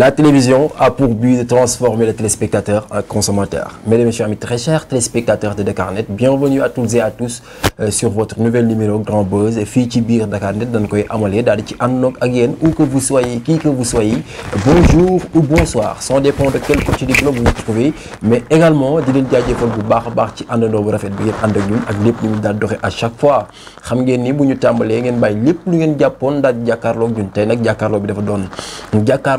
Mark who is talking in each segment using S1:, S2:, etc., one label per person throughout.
S1: La télévision a pour but de transformer le téléspectateur en consommateur. Mesdames et messieurs, très chers téléspectateurs de Dakarnet, bienvenue à toutes et à tous euh, sur votre nouvel numéro Grand Buzz fii ci biir Dakarnet dañ koy amalee daal di ci àndoog ak yéen où que vous soyez qui que vous soyez bonjour ou bonsoir sans dépendre de quel côté du globe vous vous mais également di leen bu baax baax ci àndandoo bu rafet bi ngeen ànd ak ñun ak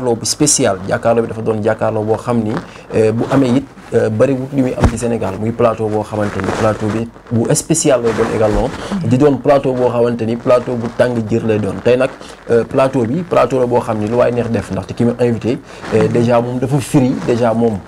S1: lépp spécial jàkkaarloo bi dafa doon jàkkaarloo boo xam ni eh, bu amee it eh, bëriwul li muy am ci Sénégal muy plateau boo xamante ni plateau bi bu spécial lay doon également di boo xamante ni plateau bu tàng jër lay doon tey nag eh, plateau bi plateau la boo xam ni lu waay neex def ndaxte ki ma invité déjà moom dafa firi déjà moom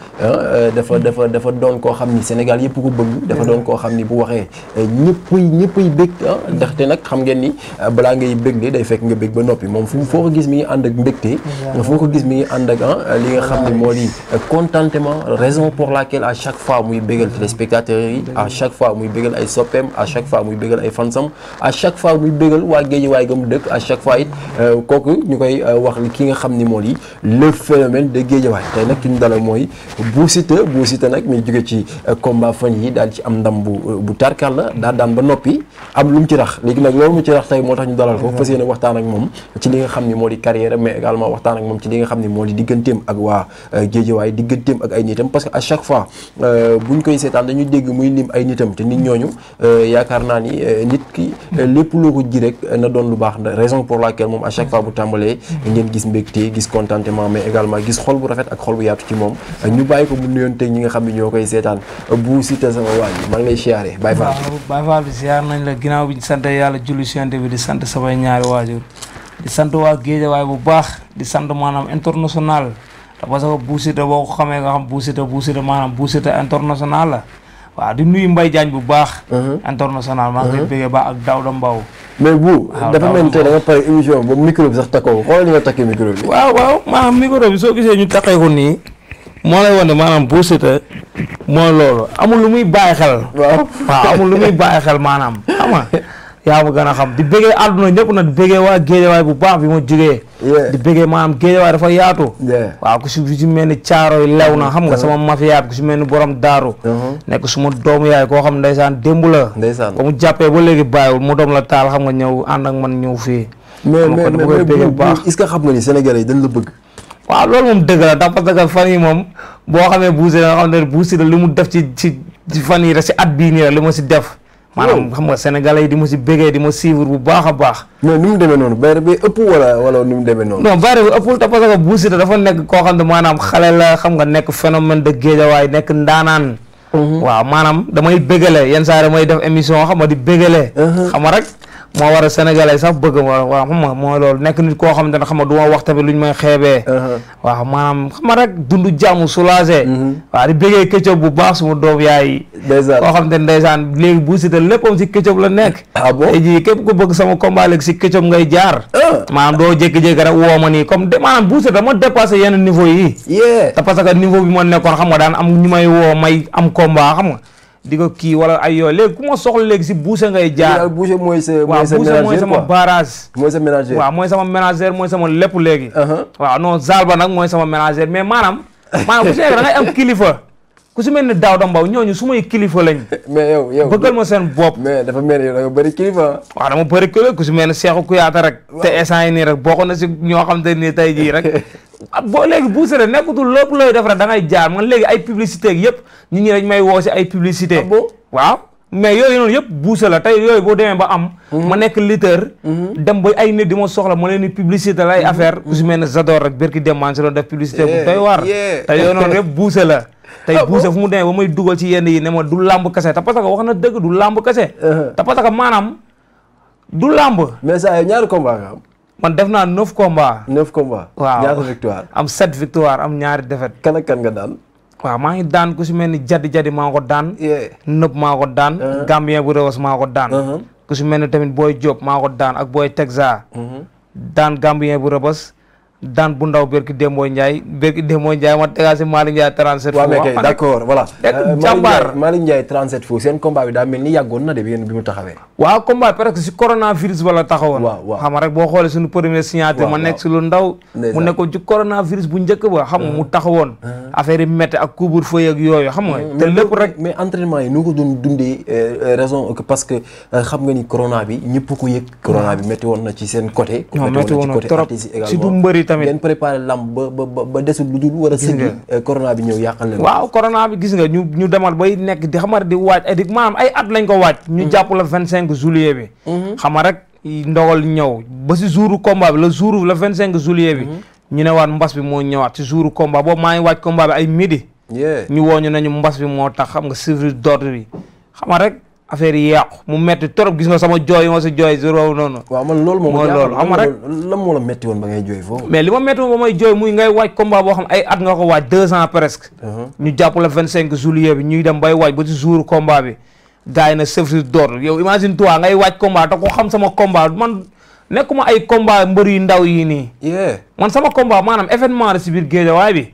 S1: dafa dafa dafa doon koo xam ni Sénégal yëpp ko bëgg dafa doon koo xam ni bu waxee ñëppay ñëppay bég ah. ndaxte nag xam ngeen ni balaa ngay bégle day fekk nga bég ba noppi moom fu foo ko gis mi ngi ànd ak mbégte foo ko gis mi ànd ak ah, li nga xam ne moo di contentement raison pour laquelle à chaque fois muy bégal téléspectateurs yi à chaque fois muy bégal ay soppeem à chaque fois muy bégal ay fansam à chaque fois muy bégal waa géej waay gam dëkk à chaque fois it euh, kooku ñu koy euh, wax ki nga xam ni moo di le phénomène de Guédiawaye tey nag ki ñu dalal mooy Bou Siteu Bou Siteu nag mi jóge ci euh, combat fan yi daal ci am ndam bu bu la daal daan ba noppi am lu mu ci rax léegi nag loolu mu ci rax tey moo tax moo moo di digganteem ak waa euh, Géejawaay digganteem ak ay nitam parce que à chaque fois euh, buñ koy seetaan dañu dégg muy lim ay nitam te nit ñooñu euh, yaakaar naa ni nit ki lépp loo ko ji rek na doon lu baax raison pour laquelle moom a chaque fois bu tàmbalee ngeen gis mbégte gis contentement mais également gis xol bu rafet ak xol bu yaatu ci moom ñu bàyyi ko mu nuyoon teg ñi nga xam ne ñoo koy seetaan bu Siteu sama waa ji lay siyaare Baye Fall
S2: Baye Fall di sant waa Géejawaay bu baax di sant maanaam international te parce que Bou Siteu boo ko xamee nga xam Bou Siteu Bou maanaam Bou international la waaw di nuyu mbay Diagne bu baax. Uh-huh. international maa ngi koy uh-huh. ak Daouda
S1: Mbaw mais bu dafa mel ni nga pare émission ba micro sax takkoo xoolal ñu nga takkee micro waaw
S2: waaw maanaam micro soo gisee ñu takkee ko nii. moo lay wane maanaam Bou Siteu mooy loolu amul lu muy bàyyi xel. waaw waaw amul lu muy bàyyi xel maanaam yaa ma gën a xam di bëggee àdduna ñëpp na di bëggee waa géejawaay bu baax bi ma jógee di bëggee maanaam géejawaay dafa yaatu waaw ku si si mel ni caaro yi lew xam nga sama mafia bi si mel ni borom daaru uh-huh. nekk suma doomu yaay koo xam ndeysaan démb la ba mu jàppee ba léegi bàyyiwul mu doom la taal xam nga ñëw ànd ak man ñëw fii mais mais mais bu
S1: est-ce que xam nga ni Sénégalais yi dañ la bëgg.
S2: waaw loolu moom dëgg la dafa parce fan yi moom boo xamee Boucher nga xam ne Boucher li mu def ci ci fan yi rek si at bii nii rek li ma si def. maanaam xam nga sénégalais yi di ma si bégee di
S1: ma suivre bu baax a baax non ni mu demee noonu bayre bi ëpp wala wala ni mu demee noonu non bayre
S2: bi ëppul te parce que Bou dafa nekk koo xam ne maanaam xale la xam nga nekk phénomène de géejawaay nekk ndaanaan mhm. waaw maanaam damay béggale yenn saa yi damay def émission xam nga di bégale mhm. xam nga rek moo war a sénégalais sax bëgg ma waaw xam nga mooy loolu nekk nit koo xamante ne xam nga du ma wax tamit lu ñu may xeebee uh-huh. waaw maanaam xam nga dund jàmm soulagé mm-hmm. waaw di bëggee bu baax suma doom yaay koo xamante ne ndeysaan léegi bu si te léppam si Ketchup la nekk ah bon képp ku bëgg sama combat si Ketchup ngay jaar ah. maanaam doo jékki-jékki rek woo ma nii comme maanaam bu si dama dépassé yenn niveau yi te parce que niveau bi ma nekkoon xam nga daan am ñu may woo may am combat xam nga di ko kii wala ay yooyu léegi ku ma léegi si Boucher ngay jaar Boucher mooy sa waaw Boucher mooy sama barrage mooy sa ménagère waaw mooy sama ménagère mooy sama lépp léegi uh-huh. waaw non Zalba nag mooy sama ménagère mais maanaam maanaam ku si nekk da ngay am kilifa ku si mel ni Daouda Mbow ñooñu su may kilifa lañ mais yow yow bëggal ma seen bopp mais dafa mel ni yow da nga bëri kilifa waaw dama bëri kilifa ku si mel ni Cheikhou Kouyaté rek te instant yi nii rek bokk na si ñoo xam te nii tey jii rek boo léegi buuse rek nekkutul lépp looy def rek da ngay jaar man léegi ay publicité yëpp nit ñi dañ may woo si ay publicité ah waaw mais yooyu noonu yëpp buuse la tey yooyu boo ba am mhm. ma nekk lutteur mhm. dem ba ay nit di ma soxla ma leen di publicité ay mhm. affaire ku si mel ne Zador rek bérki demaan si doon def publicité bu doy waar te la tey ah buuse fu mu demee ba may dugal ci yenn yi ne ma du lamb kese te parce que wax na dëgg du lamb kese uh-huh. ta parce que maanaam du lamb ñaari combat man def naa neuf combats. neuf combats. waaw ñaata victoire. am sept victoire am ñaari défaite. kan ak kan nga daan. waaw maa ngi daan ku si mel ni jadi jadi maa ko daan. nëb maa ko daan. Uh-huh. Gambien bu Rewas maa ko daan. Uh-huh. ku si mel ni tamit booy Diop maa ko daan ak booy Texas. Uh-huh. daan Gambien bu Rewas. daan bu ndaw berki Demba Ndiaye berki Demba Ndiaye ma tegaat si Malick Ndiaye 37. waaw mais kay d'accord voilà. Euh, jàmbaar
S1: Malick foofu seen combat bi daa mel ni yàggoon na de yéen bi mu taxawee.
S2: waaw combat bi parce que si coronavirus wala taxawoon. waaw waaw xam rek boo xoolee suñu premier signature. ma nekk si lu ndaw. mu nekkoon
S1: ci coronavirus
S2: bu njëkk ba. xam nga mu ah. taxawoon. Ah. affaire yi métti ak couvre xam nga. te
S1: lépp rek mais entraînement yi nu ko doon dundee euh, euh, raison que xam nga ni corona bi ñëpp ko yëg. corona bi ah. métti woon na ci seen côté. métti du mbëri tamit ngeen préparé lamb ba ba ba desul lu war a sëgg euh, bi waaw corona bi gis nga ñu ñu
S2: demal bay nekk di xamar di waaj ay di maanaam ay at lañ ko waaj ñu mm. jàpp la vingt cinq juillet bi mm-hmm. xama rek ndogal ñëw ba si jouru combat bi la jour la vingt cinq juillet bi mm-hmm. ñu ne waat mbas bi moo ñëwaat si jouru combat boobu maa ngi waaj combat bi ay midi ñu wooñu nañu mbas bi moo tax xam nga service d'ordre bi xama rek affaire yi yàqu mu metti trop gis nga sama jooy ma sa jooy si raw noonu. waaw man loolu moom loolu xam nga rek
S1: lan moo la metti woon ba ngay jooy foofu.
S2: mais li ma metti woon ba may jooy muy ngay waaj combat boo xam ay at nga ko waaj deux ans presque. Uh-huh. ñu jàpp la vingt cinq juillet bi ñuy dem bay waaj ba ci jour combat bi. gars yi na chef si door yow imagine toi ngay waaj combat te ko xam sama combat man nekkuma ay combat mbër yu ndaw yi nii. man sama combat maanaam événement la si biir géejawaay bi.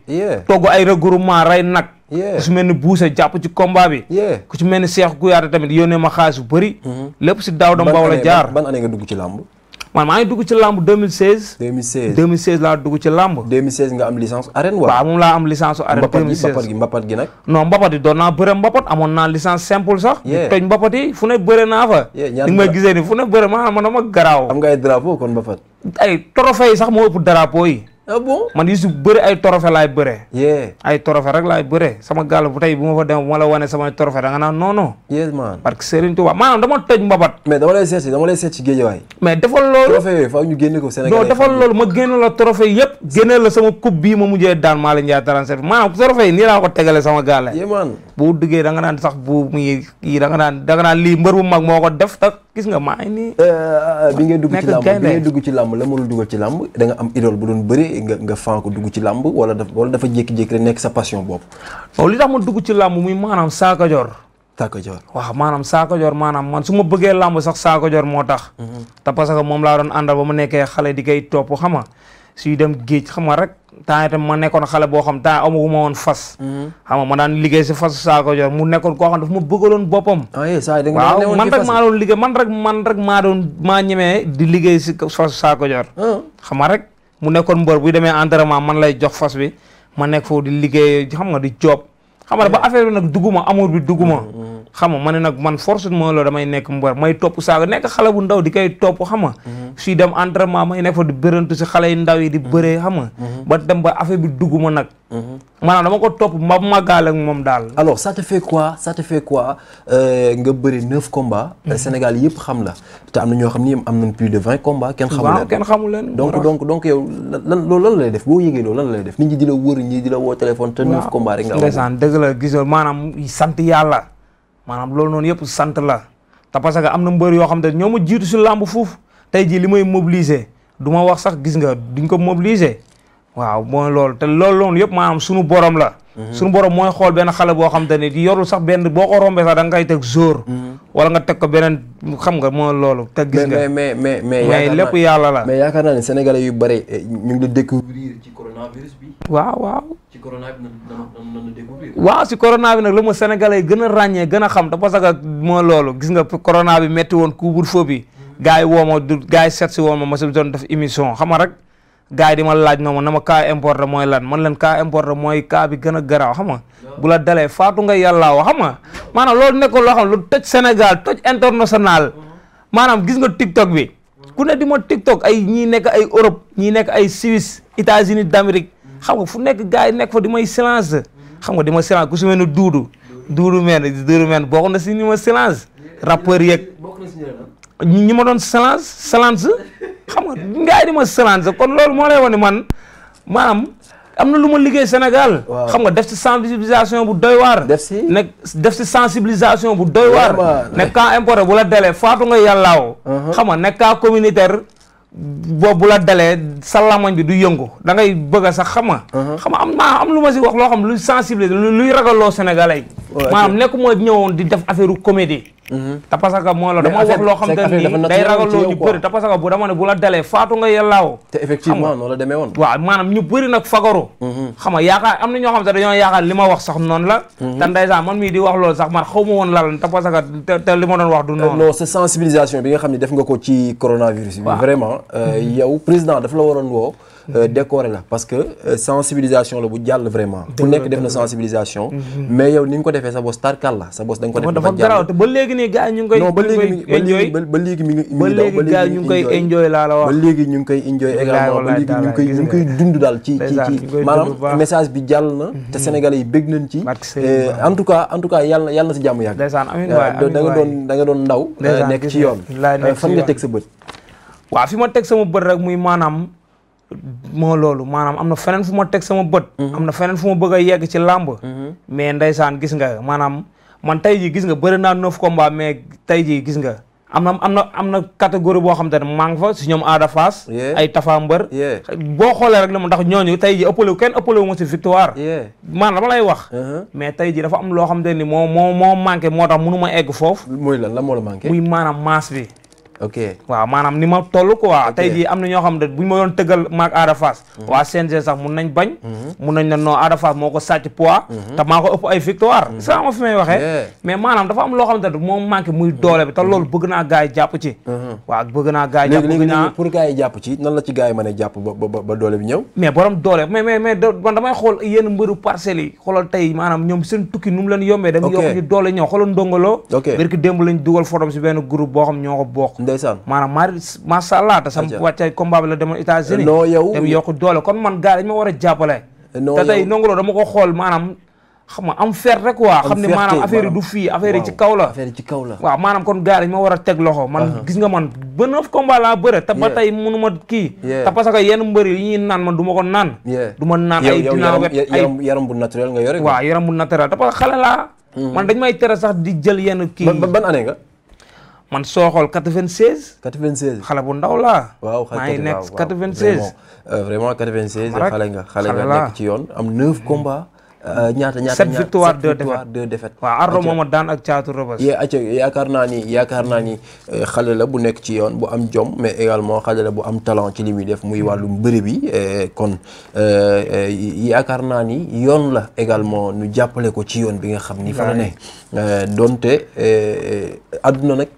S2: togg ay regroupement rey nag. ku ci mel ni buuse jàpp ci combat bi ku ci mel ni Seex Guyaate tamit yónnee ma xaalis bu bëri mm-hmm. lépp si daaw dam boobu la jaar
S1: ban année nga dugg ci làmb
S2: man maa ngi dugg ci làmb 2016. 2016 2016 laa dugg ci làmb. 2016 nga am licence arène wala. waaw moom laa am licence arène 2016 mbapat gi mbapat gi doon naa bëre mbapat amoon naa licence simple sax. di toj mbapat yi naa fa. ni may gisee ni fu ma man ma garaaw. am nga ay drapeau kon mbapat. ay sax moo ëpp drapeau ah bon man Youssouf bëri ay trophée laay bëree. ay trophée rek laay bëree sama gàll bu bu ma fa ma la wane samay trophée da nga naan non non. yes man parce que Serigne Touba mbabat. mais dama lay ma génne la trophée yëpp. génne la sama coupe bii ma mujjee daan Malick Ndiaye 37 maanaam trophée yi nii laa ko tegale sama gàll. yee man bu duggee da nga naan sax bu muy kii da nga naan da nga naan lii mbër bu mag moo ko def tak gis nga maa ngi nii.
S1: Euh, bi ngay dugg ci làmb bi ngay dugg ci làmb la mu dugal ci làmb da am idole bu doon bëri nga nga fan ko dugg ci làmb wala dafa wala dafa jékki-jékki rek nekk sa passion boobu. waaw li tax ma dugg ci làmb muy maanaam saaka jor. saaka jor waaw maanaam
S2: saaka jor maanaam man su ma bëggee làmb sax saaka jor moo tax. Mhm. te parce que moom laa doon àndal ba mu nekkee xale di kay topp xam nga suy dem géej xam nga rek. temps itam ma nekkoon xale boo xam temps amaguma woon fas mm-hmm. xam nga ma daan liggéey si fas saa ko jox mu nekkoon koo xam dafa ma bëggaloon boppam ah, waaw man rek maa doon liggéey maa doon di liggéey si fas saa ko jox ah. xam nga rek mu nekkoon mbër bu demee entraînement man lay jox fas bi ma nekk foofu di liggéey xam nga di job xam nga ba affaire bi nag dugguma amour bi dugguma mm-hmm. xam nga ma ne nag man force moo la damay nekk mbar may topp saaga nekk xale bu ndaw di koy topp xam nga suy mhm. dem entraînement may nekk fa di bërantu si xale yi ndaw yi di mhm. bëree xam nga mhm.
S1: ba dem ba affaire bi dugg ma nag maanaam dama ko topp ma màggaale ak moom daal alors ça te fait quoi ça te euh, euh, la te am na ñoo xam ni am nañ plus de vingt combats kenn xamu donc donc donc yow lan loolu lay def boo yëgee loolu lan lay def nit ñi di la wër ñi di la woo téléphone te neuf combats rek nga am ndeysaan dëgg la maanaam
S2: sant yàlla maanaam loolu noonu yëpp sant la te parce que am na mbër yoo xam ne ñoo ma jiitu si làmb foofu tey jii li may mobiliser du ma wax sax gis nga duñ ko mobiliser waaw mooy loolu te loolu loolu yëpp maanaam sunu borom la Mhm. suñu borom mooy xool benn xale boo xam te ne di yorul sax benn boo ko rombee sax da nga koy teg jour mhm. wala nga teg ko beneen xam nga moo loolu te gis nga mais mais mais lépp yàlla la
S1: mais yaakaar naa ne sénégalais yu bëri eh, ñu ngi la découvrir ci coronavirus bi waaw waaw ci corona bi nag découvrir waaw si corona nag la ma
S2: sénégalais yi gën a ràññee gën a xam te parce a moo loolu gis nga corona bi métti woon couvre-feu bi mhm. gars yi woo ma si woon ma si doon def émission xam rek gars yi di ma laaj noonu na ma cas importé mooy lan ma leen cas importé mooy cas bi gën a garaaw xam nga bu dalee faatu nga yàlla wax xam nga maanaam loolu nekkul loo xam lu toj Sénégal toj international uh-huh. maanaam gis nga TikTok bi uh-huh. ku ne di ma TikTok ay ñii nekk ay Europe ñii nekk ay Suisse États-Unis d'Amérique uh-huh. xam nga fu nekk gars yi nekk fa di may silence nga di ma silence ku su mel ni duudu duudu meen duudu meen bokk na si ñi ma silence rappeur yeeg ah. ñi ma doon silence silence xam nga gars yi di ma salanse kon loolu moo lay wane man maanaam am na lu ma liggéey Sénégal. xam nga def si sensibilisation bu doy waar. def si nekk def si sensibilisation bu doy waar. nekk camp bu la delee faatu nga yàllaaw. Uh-huh. xam nga nekk camp communautaire. boobu la dalee sa lamañ bi du yëngu dangay ngay bëgg a sax xam nga. Uh-huh. xam nga am naa am lu ma si wax loo xam luy sensibiliser luy ragaloo Sénégalais. maanaam nekk mooy ñëwoon di def affaire comédie. te parce que moo la dama wax loo xam te ni day ragaloo ñu bëri te parce bu dama ne bu la dalee faatu nga yellaawo te effectivement noonu la demee woon waaw maanaam ñu bëri nag fagaru mm-hmm. xam nga yaakaar am na ñoo xam te dañoo yaakaar li ma wax sax noonu la mm-hmm. te ndeysaan man mii di wax loolu sax man xaw ma woon la te parce que te li doon wax du euh, noonu non
S1: c'est sensibilisation bi nga xam ne def nga ko ci coronavirus bi vraiment euh, mm-hmm. yow président daf la waroon woo Euh, décorer la parce que euh, sensibilisation la bu jàll vraiment ku nekk def na sensibilisation mhm. mais yow ni nga ko defee sa bos tarkal la sa bos da nga ko def dafa garaaw te ba léegi nii gars yi ñu ngi koy non ba léegi ba ba léegi ñu ngi koy enjoy laa la wax ba léegi ñu ngi koy dund daal ci ci ci maanaam message bi jàll na mhm. te sénégalais yi bëgg nañ ci euh, en tout cas en tout cas yàlla yàlla na si jàmm yàgg da nga doon da doon ndaw nekk ci yoon fan nga teg sa bët
S2: waaw fi ma teg sama bët maanaam moo loolu maanaam am na feneen fu ma teg sama bët. Mhm. am na feneen fu ma bëgg a yegg ci làmb. Mhm. mais ndeysaan gis nga maanaam man tey jii gis nga bëri naa neuf combats mais tey jii gis nga. am na am na am na catégorie boo xam te ne maa ngi fa si ñoom aada faas ay tafa mbër boo xoolee rek la mu ndax ñooñu tey ji ëppalewu kenn ëppalewu ma si victoire man la ma lay wax uh-huh. mais tey ji dafa am loo xam te ni moo moo moo manqué moo tax mënu ma egg foofu lan la moo la muy maanaam maas bi ok waaw maanaam ni ma toll quoi tey jii am na ñoo xam ne bu ñu ma doon tëggal maag Ada Fass mhm. waa CNG sax mun nañ bañ mhm. mun nañ ne non Ada Fass moo ko sàcc poids mhm. te maa ko ëpp ay victoire ça ma fi may waxee mais maanaam dafa am loo xam ne moom manqué muy doole bi te loolu bëgg naa gars yi jàpp ci waaw bëgg
S1: naa gars yi jàpp léegi léegi pour gars yi jàpp ci nan la ci gars yi mën a jàpp ba ba doole bi ñëw mais borom doole
S2: mais mais mais man damay xool yéen mbëru parcelles yi xoolal tey maanaam ñoom seen tukki nu mu leen yombee dañu yokk ñu doole ñëw xoolal ndongoloo bërki démb lañ dugal fotom si benn groupe boo xam ñoo ko bokk ndeysaan maanaam maar macha allah te sam wàccay combat bi la demoon États-Unis non yow dem yokku doole kon man gars dañ ma war a jàppale nonguloo dama ko xool maanaam am fer rek waa xam ne maanaam affaire yi du fii affaire yi ci
S1: kaw la affaire yi
S2: kon gars dañ ma war a teg loxo man uh-huh. gis nga man ba neuf combat ta bëre te ba tey mënu ma kii te parce que yenn mbër yi ñuy man du ma ko naan du ma naan ay dinaa ay
S1: yaram bu naturel nga yore waaw
S2: yaram naturel te parce que laa mm-hmm. man dañ may tere sax di jël yenn kii ban man soo xool 96.
S1: 96 xale bu ndaw laa. waaw xale ngi nekk 96. vraiment 96. Euh, xale nga xale nga nekk ci yoon am 9 combats. Euh, ñaata ñaata 7 victoire 2 défaites 2 défaites. waaw Ardo moom
S2: a daan ak caatu Rebeuss.
S1: yaakaar naa ni yaakaar naa ni euh, xale la bu nekk ci yoon bu am jom mais également xale la bu am talent ci li muy def muy wàllum bëri bi kon yaakaar naa ni yoon la également nu jàppale ko ci yoon bi nga xam ni. fa ne donte adduna nag.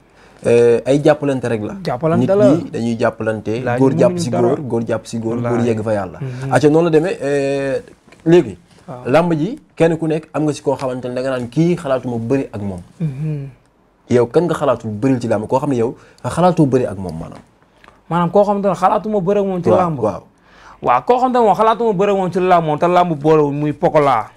S1: Euh, ay jàppalante rek la. jàppalante la nit ñi dañuy jàppalante. góor jàpp si góor góor jàpp si góor góor yegg fa yàlla. Mhm. acca noonu la demee euh, léegi. Ah. làmb ji kenn ku nekk am nga si koo xamante ne danga naan kii xalaatuma bari ak moom. Mhm. yow kan nga xalaatul bëril ci làmb koo xam ne yow xalaatoo bëri ak moom maanaam. maanaam koo xam ne xalaatuma bëri ak moom. ci làmb waaw waaw. koo xamante ne xalaatuma
S2: bëri ak moom ci làmb moom te làmb boolewul muy Pokola.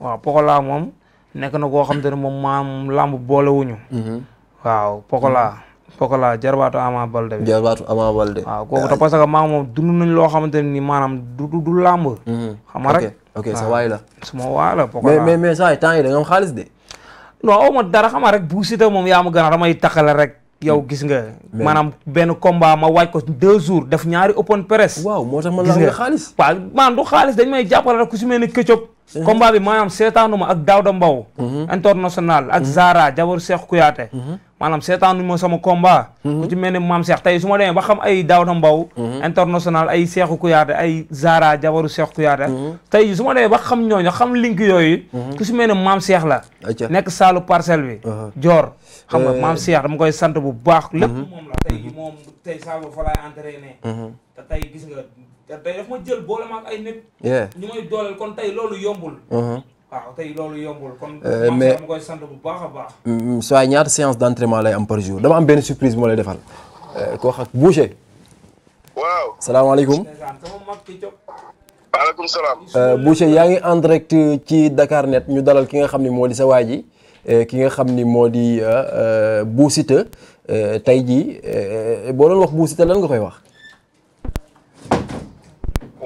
S2: waaw Pokola moom nekk na koo xamante ne moom maam làmb boolewuñu. Mhm. waaw Pokola. Pokola jarbaatu Ama Balde. jarbaatu
S1: Ama Balde. waaw kooku te
S2: parce que maa moom dund nañ loo xamante ne nii maanaam du du du làmb. Mm-hmm. xam nga rek ok sa waay la. suma waay la Pokola mais mais yi temps yi da nga am xaalis de. non a ma dara xam nga rek bu yaa ma gën a damay taxale rek. yow mm. gis nga. maanaam benn combat ma waaj ko deux jours def ñaari open press. waaw moo tax man la nga xaalis. waaw man du xaalis dañ may jàppale rek ku si mel ni Ketchup Mm-hmm. combat bi maanaam seetaanuma ak Daouda Mbow mm-hmm. international ak mm-hmm. Zara jabar Cheikh Kouyaté maanaam seetaanuma sama combat ku ci mel ni maam seex tey su ma demee ba xam ay Daouda Mbow international ay Cheikh Kouyaté ay Zara jabaru Cheikh Kouyaté tey su ma demee ba xam ñooñu xam link yooyu ku si mel ni maam seex la nekk saalu parcelle bi joor uh-huh. xam nga euh, maam Cheikh dama koy sant bu baax lépp moom la tey moom fa laay entraîné gis nga te jël boole loolu yombul. Uh-huh. waaw loolu yombul kon. Eh, mais ma bu baax a baax.
S1: Mm, mm, soit d' entraînement lay am par dama am benn surprise moo defal. Eh, koo xam Boucher. waaw salaamaaleykum. Eh, yaa ngi en ci dakaar Net ñu dalal ki nga xam ni moo di sa waa ji ki nga xam ni moo di Bou tey ji boo doon wax Bou Siteu lan nga koy wax.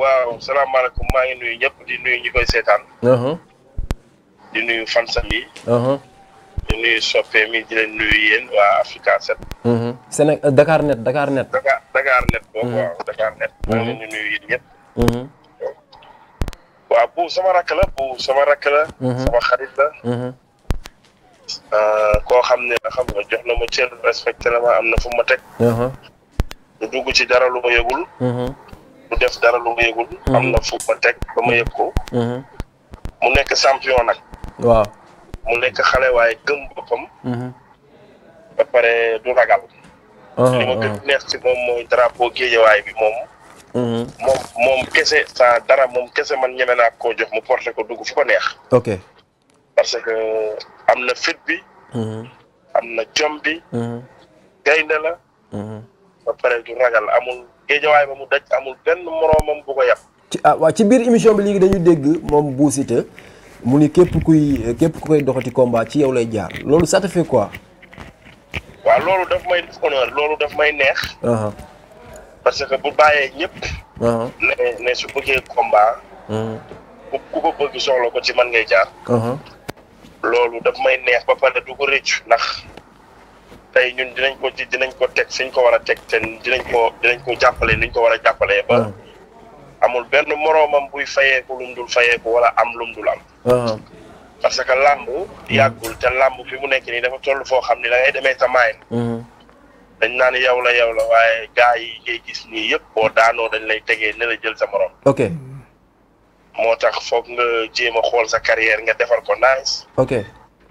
S3: waaw salaamaaleykum maa ngi nuyu ñëpp di nuyu ñi koy seetaan. Uh-huh. di nuyu fansam yi. Uh-huh. di nuyu soppeem yi di nuyu yéen waa Africa 7.
S1: Uh-huh. Euh, Dakar net Dakar net.
S3: Dakar net waaw maa ngi nuyu yéen waaw bu sama rakk la bu sama rakk la. sama xarit la. Euh, koo xam ne xam nga o na ma cër respecté na ma am na fu ma teg. du dugg ci dara lu ma yëgul. lu def dara lu ma yëgul. Mhm. am na fu ma teg ba ma yëg ko. Mhm. mu nekk champion nag. waaw mu nekk xale waaye gëm boppam. Mhm. ba pare du ragal. Uh-huh, li ma gën uh-huh. neex ci moom mooy drapeau géejawaay bi moom. moom kese sa dara moom kese man ñeme naa koo jox mu porté ko dugg fu ko neex. ok parce que am na fit bi.
S1: am na jom bi. gaynde la. ba pare du
S3: ragal amul. géejawaay ba mu daj amul benn moroomam bu ko yàq.
S1: ci ah waa ci biir émission bi léegi dañu dégg moom Bou Siteu mu ni képp kuy képp ku koy doxati komba ci yow lay jaar loolu ça te quoi.
S3: waaw loolu daf may loolu daf may neex. Uh-huh. parce que bu bàyyee ñëpp. Uh-huh. ne ne su bëggee combat. Uh-huh. ku ko bëgg soxla ko ci man ngay jaar. loolu daf may neex ba pare du ko rëccu ndax. tey ñun dinañ ko ci dinañ ko teg suñ ko war a teg te dinañ ko dinañ ko jàppale niñ ko war a jàppalee ba ah. amul benn moroomam buy fayeeku lum dul fayeeku wala am lum dul am ah. parce que làmb mm. yàggul te làmb fi mu nekk nii dafa toll foo xam ne da ngay demee sa maay mm-hmm. dañ naan yow la yow la waaye gaa yi ngay gis nii yëpp boo daanoo dañ lay tege ne jël sa morom ok moo tax foog nga jéem a xool sa carrière nga defar ko nice ok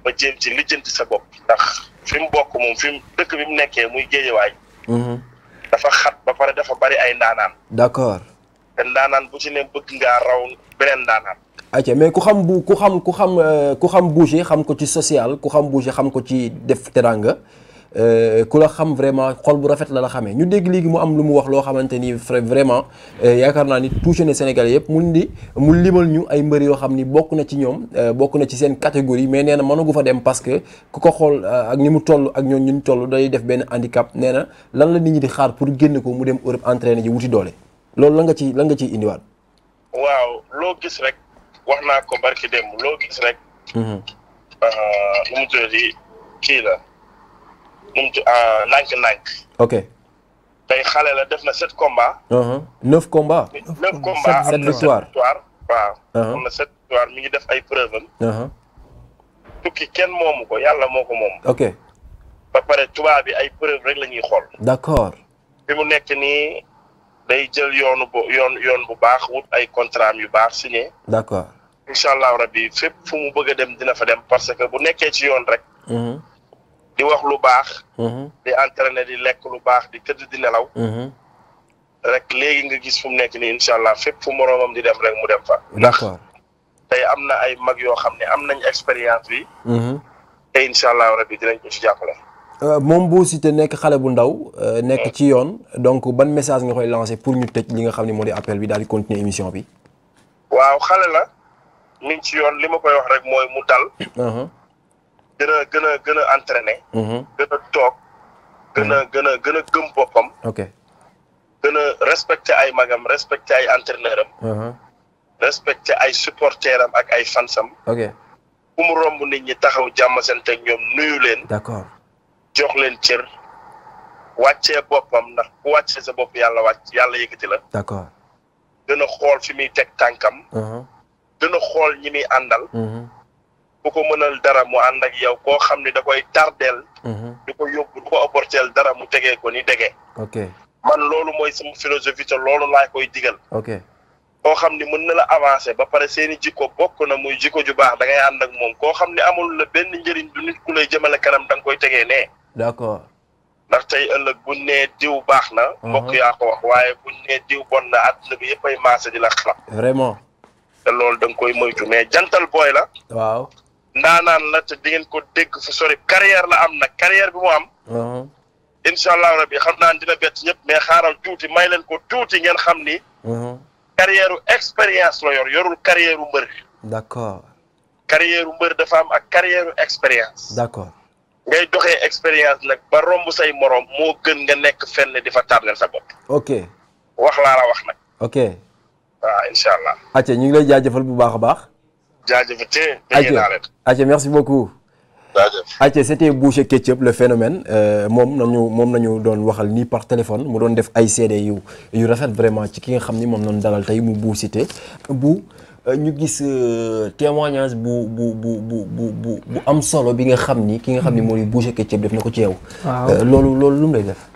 S3: ba jéem ci sa bopp ndax fi mu bokk moom fi dëkk bi mu nekkee muy géejewaay. Mhm. dafa xat ba pare dafa bari ay ndaanaan. d'accord. te ndaanaan bu ci ne bëgg ngaa raw beneen ndaanaan.
S1: ok mais ku xam bu ku xam ku xam euh, ku xam bouger xam ko ci sociale ku xam bouger xam ko ci def teranga Euh, ku la xam vraiment xol bu rafet la la xamee ñu dégg léegi mu am lu mu wax loo xamante ni vraiment euh, yaakaar naa ni touché ne sénégal yëpp mu di mu limal ñu ay mbëri yoo xam ni bokk na ci ñoom euh, bokk na ci seen catégorie mais nee na mënagu fa dem parce que ku ko xool ak ni mu toll ak ñoon ñu toll day def benn handicap nee na lan la nit ñi di xaar pour génn ko mu dem Europe entraîné ji wuti doole loolu la nga ci la nga ciy indiwaat.
S3: waaw loo gis rek wax ko barki loo gis rek. Mhm. mu euh, nànk-nànk. ok tey xale la def na set combats.
S1: neuf uh-huh. combats.
S3: neuf combats sept victoire am na sept victoire uh-huh. mi ngi def ay preuve uh-huh. tukki kenn moomu ko yàlla moo ko moom. ok ba pare tubaab bi ay preuve rek la ñuy xool. d'accord fi mu nekk nii day jël yoonu bu yoon yoon bu baax wut ay contrat yu baax signé. d'accord incha allah rabbi fépp fu mu bëgg dem dina fa dem parce que bu nekkee ci yoon rek. di wax lu baax. Mhm. di entraîné di lekk lu baax di tëdd di nelaw. Mhm. rek léegi nga gis fu mu nekk nii incha allah fépp fu moroomam di dem rek mu dem fa. ndax tey am na ay mag yoo xam ne am nañ expérience bi. Mhm. te incha allah rabi dinañ ko ci jàppale.
S1: Euh, moom si Siteu nekk xale bu ndaw. Euh, nekk ci yoon donc ban message nga koy lancé pour ñu tëj li nga xam ne moo di appel bi daal di continuer émission bi.
S3: waaw xale la. mi ci yoon li ma koy wax rek mooy mu dal. Uh-huh. gën a gën a gën a entraîné. Mhm. gën a toog mhm. gën a gën a gëm boppam. ok gën a respecté ay magam respecté ay entraîneur am. Mhm. respecté ay supporter am ak ay fansam. ok mu romb nit ñi taxaw jàmm sante teg ñoom nuyu leen. d'accord jox leen cër wàccee boppam ndax ku wàccee sa bopp yàlla wàcc yàlla yëkkati la. d'accord gën xool fi muy teg tànkam. gën xool ñi muy àndal. bu ko mënal dara mu ànd ak yow koo xam ne da koy tardeel mhm. da ko yóbbu du ko apporteel dara mu tegee ko ni degee man loolu mooy sama philosophie te loolu laa koy digal ok xam ni mën na la avancer ba pare seeni i jikko bokk na muy jiko ju baax da ngay ànd ak moom koo xam ne amul la benn njëriñ du nit ku lay jëmale kanam da nga koy tegee nee d'accord ndax tey ëllëg buñ nee diw baax na mhm. mbokk yaa ko wax waaye buñ nee diw bon na àdduna bi yëpp ay maase di la xalaat vraiment te loolu da nga koy moytu mais jantal booy la ndaanaan la te di ngeen ko dégg fu sori carrière la am nag carrière bi mu am. Uh-huh. incha allahu rabi xam naa dina bett ñëpp mais xaaral tuuti may leen ko tuuti ngeen xam ni. Uh-huh. carrière expérience la yor yorul carrière mbër. d'accord. carrière mbër dafa am ak carrière expérience. d'accord. ngay doxee expérience nag ba romb say morom moo gën nga nekk fenn di fa tardel sa bopp. ok. wax laa la wax nag. ok. waaw incha allah.
S1: acca ñu ngi lay jaajëfal bu baax a baax.
S3: jaajëfete. dégg naa leen
S1: Aïcha merci beaucoup. jaajëf Aïcha c'était Boucher Ketchup le phénomène euh, moom nañu moom nañu doon waxal nii par téléphone mu doon def ay CD yu yu rafet vraiment ci ki nga xam ni moom noonu dalal tey mu bu bu euh, ñu gis euh, témoignage bu bu bu bu bu bu am solo bi nga xam ni ki nga xam ni moo di Boucher Ketchup def na ko ci yow. waaw loolu loolu lu mu lay def.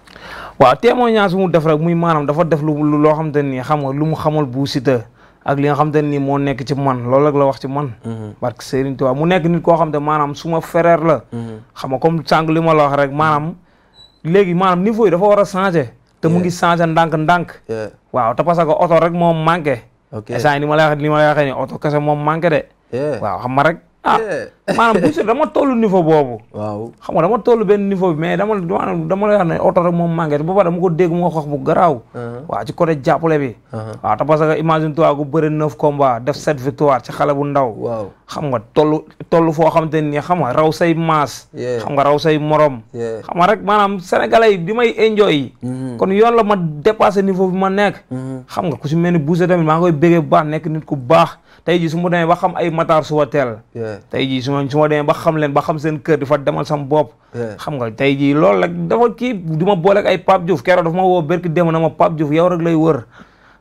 S1: waaw
S2: témoignage bu mu def rek muy maanaam dafa def lu loo xamante nii xam nga lu mu xamul bu ak li nga xam ne nii moo nekk ci man loolu ak la wax ci man parce mhm. que Serigne Touba mu nekk ni koo xam te maanaam su ma frère la mhm. xam nga comme sànq li ma la wax rek maanaam léegi maanaam niveau yi dafa war a changé te mu ngi changé ndànk-ndànk waaw te parce que oto rek moom manqué ok saa ni ma la wax ni ma waxee ni oto kese moom manqué de waaw xam ma rek ah maanaam bu si dama toll niveau boobu. waaw xam dama toll benn niveau bi mais dama maanaam dama oto rek moom manqué ba pare dama ko dégg mu wax bu garaaw. Uh-huh. waaw ci côté jàppale bi. Uh-huh. waaw te parce que imagine toi gu bëri neuf combats def sept victoire ci xale bu ndaw. waaw xam nga toll toll foo xamante ne nii xam nga raw say maas. xam nga raw say morom. xam nga rek maanaam sénégalais yi bi may enjoy. Mm-hmm. kon yoon la ma dépassé niveau bi ma nekk. Mm-hmm. xam nga ku si mel ni Boucher tamit maa ngi koy bu baax nekk nit ku baax tey jii su ma demee xam ay Matar Subatel. tey jii su ma ñooñ su ma demee ba xam leen ba xam seen kër di fa demal sam bopp eh. xam nga tey jii loolu la dafa kii du ma boole ak ay Pape Diouf keroog dafa ma woo berki dem na ma Pape Diouf yow rek lay wër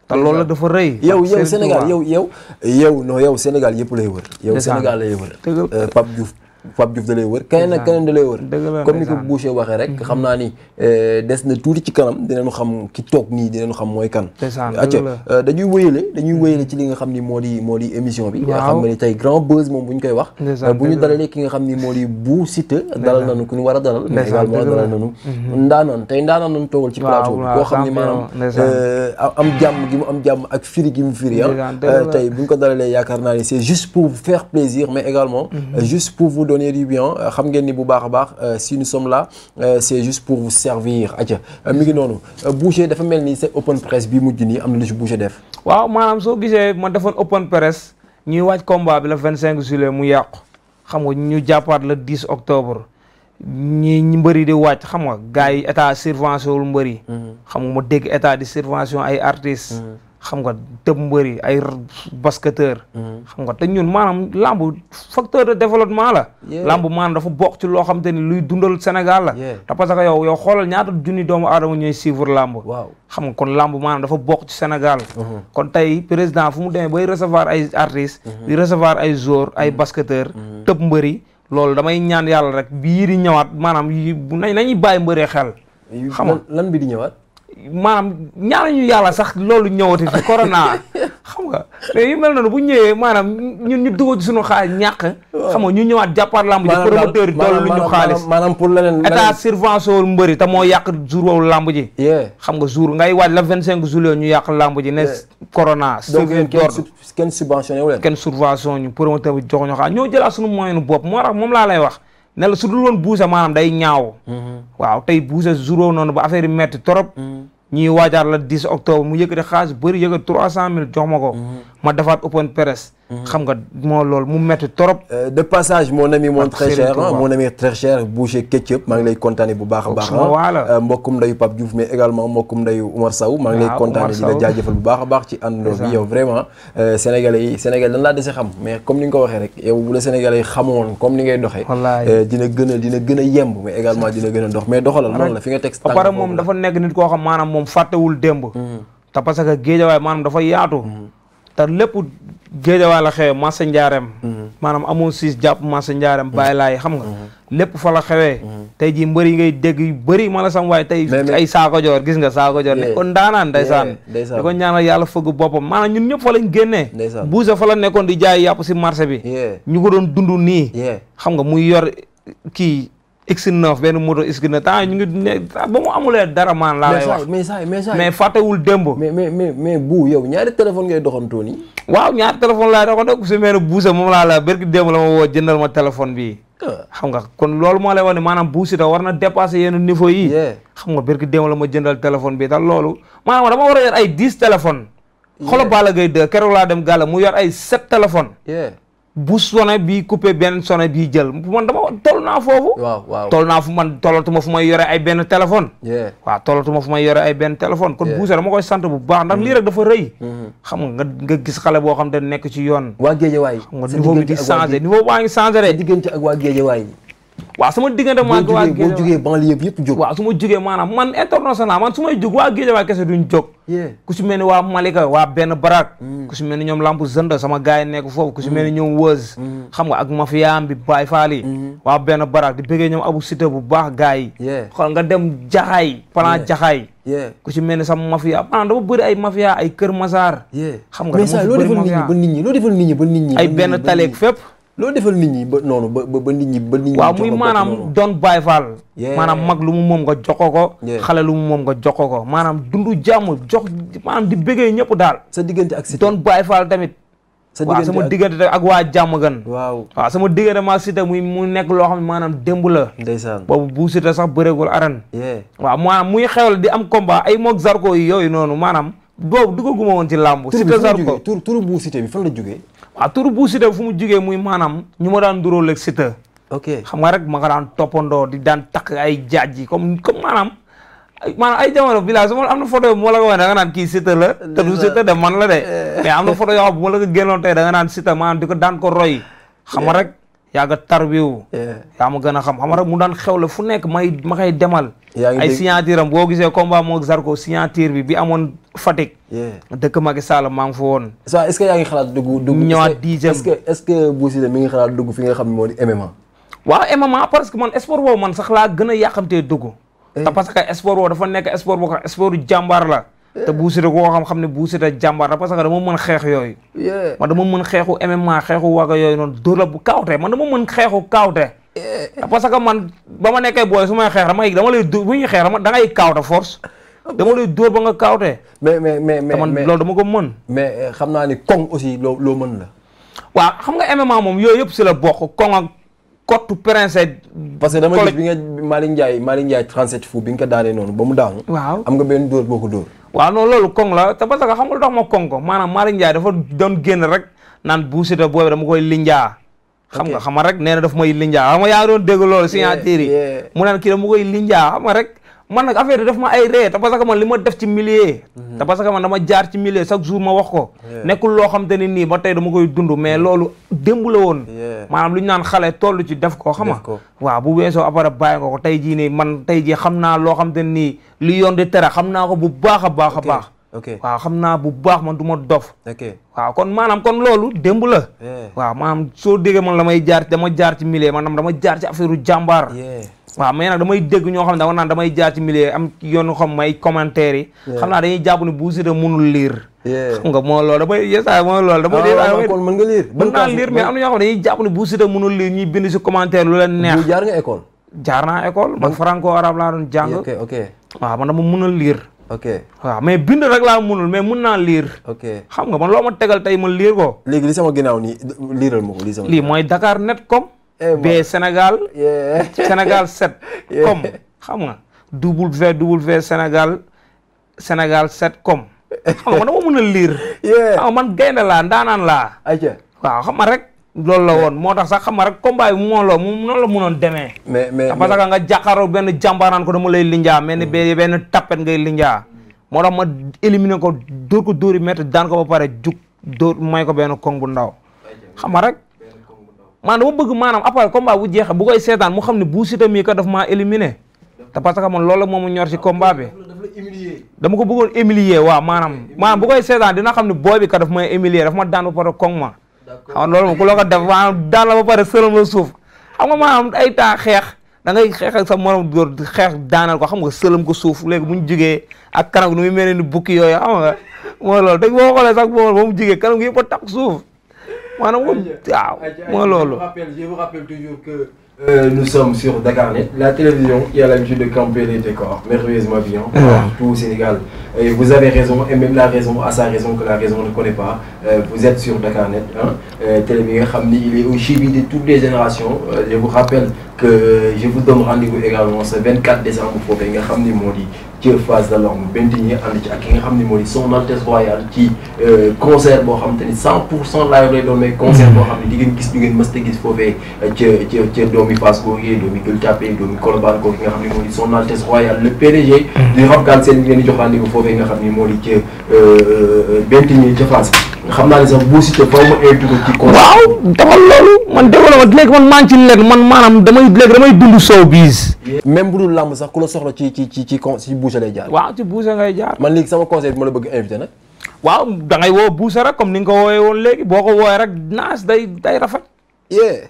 S1: te loolu la dafa rëy yow yow Sénégal yow yow yow wër yow Sénégal lay wër eh, Pape Diouf Pape Diouf da wër keneen ak da lay wër comme ni ko Boucher waxee rek mm-hmm. xam naa ni eh, des na tuuti ci kanam dinañu xam ki toog nii dinañu xam mooy kan acca eh, dañuy wéyale dañuy wéyale ci li nga xam ni moo di émission bi nga xam nga ni tey grand buzz moom bu ñu koy wax eh, bu ñu dalalee ki nga xam ni moo di bu dalal nañu ku ñu war a dalal mais également dalal nañu mm-hmm. ndaanaan tey ndaanaan nañu toogal ci plateau bi xam ni maanaam am jàmm gi mu am jàmm ak firi donner du euh, xam ngeen ni bu baax baax euh, si nous sommes là euh, c'est juste pour vous servir aja mi ngi noonu Boucher dafa mel ni c'est open press bi mujj nii am na lu ci Boucher def waaw maanaam soo gisee ma defoon
S2: open press ñuy waaj combat bi le vingt cinq juillet mu yàqu xam nga ñu jàppaat le 10 octobre ñi ñi mbëri di wàcc xam nga gars yi état subvention wul mbëri mhm. xam nga ma dégg état di subvention ay artistes mhm. xam nga tëb mbëri ay basketteur mm-hmm. xam nga te ñun maanaam lamb facteur de développement la lamb maanaam dafa bok ci loo xam te ni luy dundal Sénégal la te parce que yow yow xoolal ñaata junni doomu adama aadama ñooy suivre lamb waaw xam nga kon lamb maanaam dafa bokk ci Sénégal mm-hmm. kon tey président fu mu demee bay recevoir ay artistes mm-hmm. di recevoir ay joueurs ay basketteur tëb mbëri loolu damay ñaan yàlla rek bii di ñëwaat maanaam yi nañ nañuy bàyyi mbëree xel xam
S1: lan bi di ñëwaat
S2: maanaam ñaanuñu yàlla sax loolu ñëwati fi corona xam nga mais yu mel noonu bu ñëwee maanaam ñun ñu dugg ci suñu xaalis ñàkk. xam nga ñu ñëwaat jàppaat làmb ji promoteur yi doolu lu ñu xaalis maanaam pour leneen état subvention wul mbëri te moo yàq jour woowu làmb ji xam nga jour nga waaj la vingt cinq juillet ñu yàq làmb ji ne corona seve d'ordre kenn subventionné wu leen kenn subvention ñu promoteur bi joxuñu xaalis ñoo jëlaat suñu moyen bopp moo tax moom laa lay wax ne la su dul woon buuse maanaam day ñaaw. waaw tey buuse juróom noonu ba affaire yi métti trop. Mm-hmm. ñuy waajaar la 10 octobre mu yëkkati xaalis bëri yëkkati 300000 jox ma ko. Mm-hmm. ma defaat open press. Mhm. xam nga moo loolu mu metti trop.
S1: Euh, de passage mon ami mon très cher mon ami très maa ngi lay kontaane bu baax a baax. voilà euh, mbokkum ndayu Pape Diouf mais également mbokkum ndayu Umar Sow. maa ngi lay kontaane di la jaajëfal bu baax a baax. ci àndandoo bi yow vraiment. Euh, Sénégalais yi Sénégal dañ laa dese xam mais comme ni nga ko waxee rek yow bu la Sénégalais ni ngay doxee. dina gën a dina gën a yemb mais également dina gën a dox mais doxalal noonu la fi nga teg. tànk boobu moom dafa nekk nit koo
S2: xam maanaam moom fàttewul démb mhm. te parce que géejawaay maanaam dafa yaatu mhm. te lépp géejawaay la xewee marché njaareem mhm. maanaam amoon siis jàpp marché njaareem mhm. bàyyi laay xam nga mhm. lépp fa la xewee tey jii mbër yi ngay dégg yu bëri ma la sam waaye tey ay saako joor gis nga saako joor nekkoon ndaanaan ndeysaan da ko ñaanal yàlla fëgg boppam maanaam ñun ñëpp fa lañ génnee buuse fa la nekkoon di jaay yàpp si marché bi ñu ko doon dund nii xam nga muy yor kii X9 benn moto X9 temps ñu ngi ne ba mu amulee dara maan laa lay wax
S1: mais saa mais saa mais fàttewul yow ñaari téléphone ngay doxantoo
S2: waaw ñaari téléphone laay doxantoo su mel ne buusa moom laa la berki démb la ma woo jëndal ma téléphone bi ah. xam nga kon loolu moo lay wax ne maanaam Bou Siteu war na dépasser yenn niveau yi. xam nga berki démb la ma jëndal téléphone bi daal loolu maanaam dama war a yor ay dix téléphones. xoolal Balla Gaye 2 keroog dem gàlla mu yor ay sept bu sonné bii coupé benn sonné bii jël man dama toll naa foofu.
S1: waaw waaw toll
S2: naa fu man tollatuma fu may yore ay benn téléphone. waaw tollatuma fu may yore ay benn téléphone. kon buusa dama koy sant bu baax ndax lii dafa rëy. Mm-hmm. xam nga nga gis xale boo xam ne nekk ci yoon. waa géejewaay. sa diggante ak waa niveau bi di changé niveau baa ngi changé waaw sama ma diggante ma waa géej boo jugee banlieue bi yëpp jóg waaw su ma jugee maanaam man international man su may jóg waa géej waa kese duñ jóg ku si mel ni waa Malika waa benn barak mm. ku si mel ni ñoom lampu zënd sama gars yi nekk foofu ku si mm. mel ni ñoom wëz mm. xam nga ak mafiyaam bi Baye Fall yi waa benn barak di bëggee ñoom abu sita bu baax gars yi xool nga dem jaxaay plan jaxaay ku si mel ni sama mafia maanaam dafa bëri ay mafia ay Kër Masaar xam nga mais loo defal nit nit ñi loo defal nit ñi ba nit ñi ay benn taleeg
S1: fépp loolu defal nit ñi ba noonu ba ba ñi ba nit ñi waaw
S2: muy maanaam doon Baay Faal maanaam mag lu mu moom nga jox ko ko xale lu mu moom nga jox ko ko maanaam dundu jàmm jox maanaam di bëggee ñëpp daal sa diggante ak Siteu doon Baay Faal tamit waaw sama diggante ak waa jàmm kan waaw waaw sama diggante maa Siteu muy mu nekk loo xam ne maanaam démb la ndeysaan boobu bu Siteu sax bëreegul aran waaw maanaam muy xewal di am combat ay moog Zarko yi yooyu noonu maanaam boobu duggaguma woon ci làmb Siteu Zarko
S1: tur turu bu Siteu bi
S2: fan la jógee waaw ah, turu bu Siteu bi fu mu jógee muy maanaam ñu ma daan duróoleeg Siteu ok xam nga rek ma nga daan toppandoo di daan takk ay jaaj yi comme comme maanaam maanaam ay jamono village moom am na photo bu ma la ko waxee da nga naan kii Siteu la du Siteu de man la de mais am na photo yoo xam bu ma la ko génnoon tey da nga naan Siteu maanaam di ko daan ko roy xam nga rek yaaga tarbiwu eh. yaa ma gën a xam xamara mu daan xew la fu nekk may ma koy demal ay signature am boo gisee combat moo Zarko signature bi bi amoon Fatick eh. dëkk Macky Sall maa ngi fa woon
S1: ça est-ce que yaa ngi xalaat dugg dugg est-ce que est mi ngi xalaat dugg fi nga xam ne moo di MMA waaw
S2: MMA parce que man sport boobu man sax laa gën a yàqamtee dugg eh. te parce que sport boobu dafa nekk sport boo xam sport jàmbaar la te Bou Siteu koo xam xam ne Bou Siteu jàmbaar la parce que dama mën xeex yooyu man dama mën xeexu MMA xeexu waga yooyu noonu dóor la bu kaawte man dama mën xeexu kaawte parce que man ba ma nekkee booy su may xeex dama dama lay bu ñuy xeex dama da ngay kaawte force dama lay dóor ba nga kaawte mais mais mais mais man loolu
S1: dama ko mën mais
S2: xam naa ni koŋ aussi loo
S1: loo la waa xam nga MMA moom yooyu yëpp si la bokk koŋ kottu prince parce que dama gis bi nga Malick Ndiaye Malick Ndiaye 37 fu bi nga ko daanee noonu ba mu daanu. waaw am nga benn dóor boo ko dóor. waaw non loolu koŋ la te parce que xam nga lu tax ma koŋ ko maanaam Malick Ndiaye dafa doon génn
S2: rek naan Bou Siteu boobu dama koy linjaa. xam nga xam nga rek nee na daf may linjaa xam nga yaa doon dégg loolu. signature yi mu naan kii rek. man nag affaire daf ma ay ree te parce que man li ma def ci milieu mhm. te parce que man dama jaar ci milieu chaque jour ma wax ko nekkul loo xam te ne nii ba tey dama koy dund mais loolu démb la woon maanaam lu ñu naan xale toll ci def ko waaw bu weesoo après bàyyi nga ko tey jii nii man tey jii xam naa loo xam te nii li yoon di tere xam naa ko bu baax a baax a xam naa bu baax man du dof kon maanaam kon loolu démb la waaw maanaam soo déggee man damay jaar dama jaar ci millier maanaam dama jaar ci affaire jàmbaar waaw mais nag damay dégg ñoo xam ne dama naan damay jaar ci milieu am yoon xam may commentaire yi xam naa dañuy jàpp ne Bou Siteu mënul lire xam nga moo loolu damay yesaay moo loolu damay ah, école
S1: mën nga lire mën naa lire mais am na
S2: ñoo xam ne dañuy jàpp ne Bou Siteu mënul lire ñuy bind si commentaire lu leen neex jaar nga école jaar naa école man franco arabe laa doon jàng ok ok waaw man dama mën a lire ok waaw mais bind rek laa mënul mais mun naa lire ok xam nga man loo ma tegal tey ma lire ko
S1: léegi li sama ginnaaw nii liiral ma ko lii sama lii
S2: mooy Dakar net comme Eh, B Sénégal. Sénégal 7. comme xam nga www Sénégal Sénégal 7 com xam nga dama mën a lire. xam man gaynde laa ndaanaan laa. waaw xam nga rek. loolu la woon moo tax sax xam nga rek combat bi moo la moom noonu demee.
S1: mais mais parce
S2: que nga jàkkaaroo benn jàmbaaraan ko dama lay linjaa mel ni benn benn tapet ngay linjaa. moo tax ma éliminer ko dóor ko dóori mètre daan ko ba pare jug dóor may ko benn kong bu ndaw. xam nga rek. maanaam dama bëgg maanaam a combat bu jeexee bu koy seetaan mu xam ne Bou Siteu mii ko daf maa éliminé te parce que man loolu moom mu ñor ci combat bi dama ko bëggoon humilier waaw maanaam maanaam bu koy seetaan dina xam ne booy bi ka daf may humilier daf ma daan ba pare koŋ ma xam loolu moom ku la ko def maanaam daan la ba pare sëral la suuf xam nga maanaam ay temps xeex da ngay xeex sa morom góor xeex daanal ko xam nga sëlam ko suuf léegi bu ñu jugee ak kanam nu muy mel ni bukki yooyu xam nga mooy loolu dëgg boo xoolee sax boo mu jugee kanam gi yëpp a takk suuf
S1: maanaam waaw moo loolu. je vous rappelle toujours que. Euh, nous sommes sur Dakarnet, la télévision qui a l'habitude de camper les décors merveilleusement bien partout Sénégal. vous avez raison, et même la raison a sa raison que la raison ne connaît pas. Euh, vous êtes sur Dakarnet, hein. Euh, télé nga xam ni il est au de toutes les générations. Euh, je vous rappelle que je vous donne rendez-vous également ce 24 décembre foofu nga xam ni moo di ci phase de ñi ànd ci ak nga xam ni moo son Altesse Royale ci euh, concert boo xam te ni 100 pour cent live lay doon mais concert boo xam ne di ngeen gis di ngeen mës a gis foofee ca ca ca doomi Fass Gorgé doomi Gueule Tapée doomi Colobane kooku nga xam ne moo son Altesse Royale le PDG. Mm-hmm. di xam kaan seen li ngeen di jox rendez-vous foofee nga xam ni moo xam naa ne sax boo cité faaw ma invité ko waaw dama loolu man déggoo la léegi man maa ngi ci léegi man maanaam damay léegi
S2: damay dund sow biis.
S1: même bu dul làmb sax ku la soxla ci ci ci ci con ci Boucher lay jaar. waaw ci Boucher ngay jaar. man léegi sama conseil bi ma la bëgg invité nag. waaw da ngay woo Boucher rek comme ni nga ko woowee woon léegi
S2: boo ko woowee rek naas day day rafet.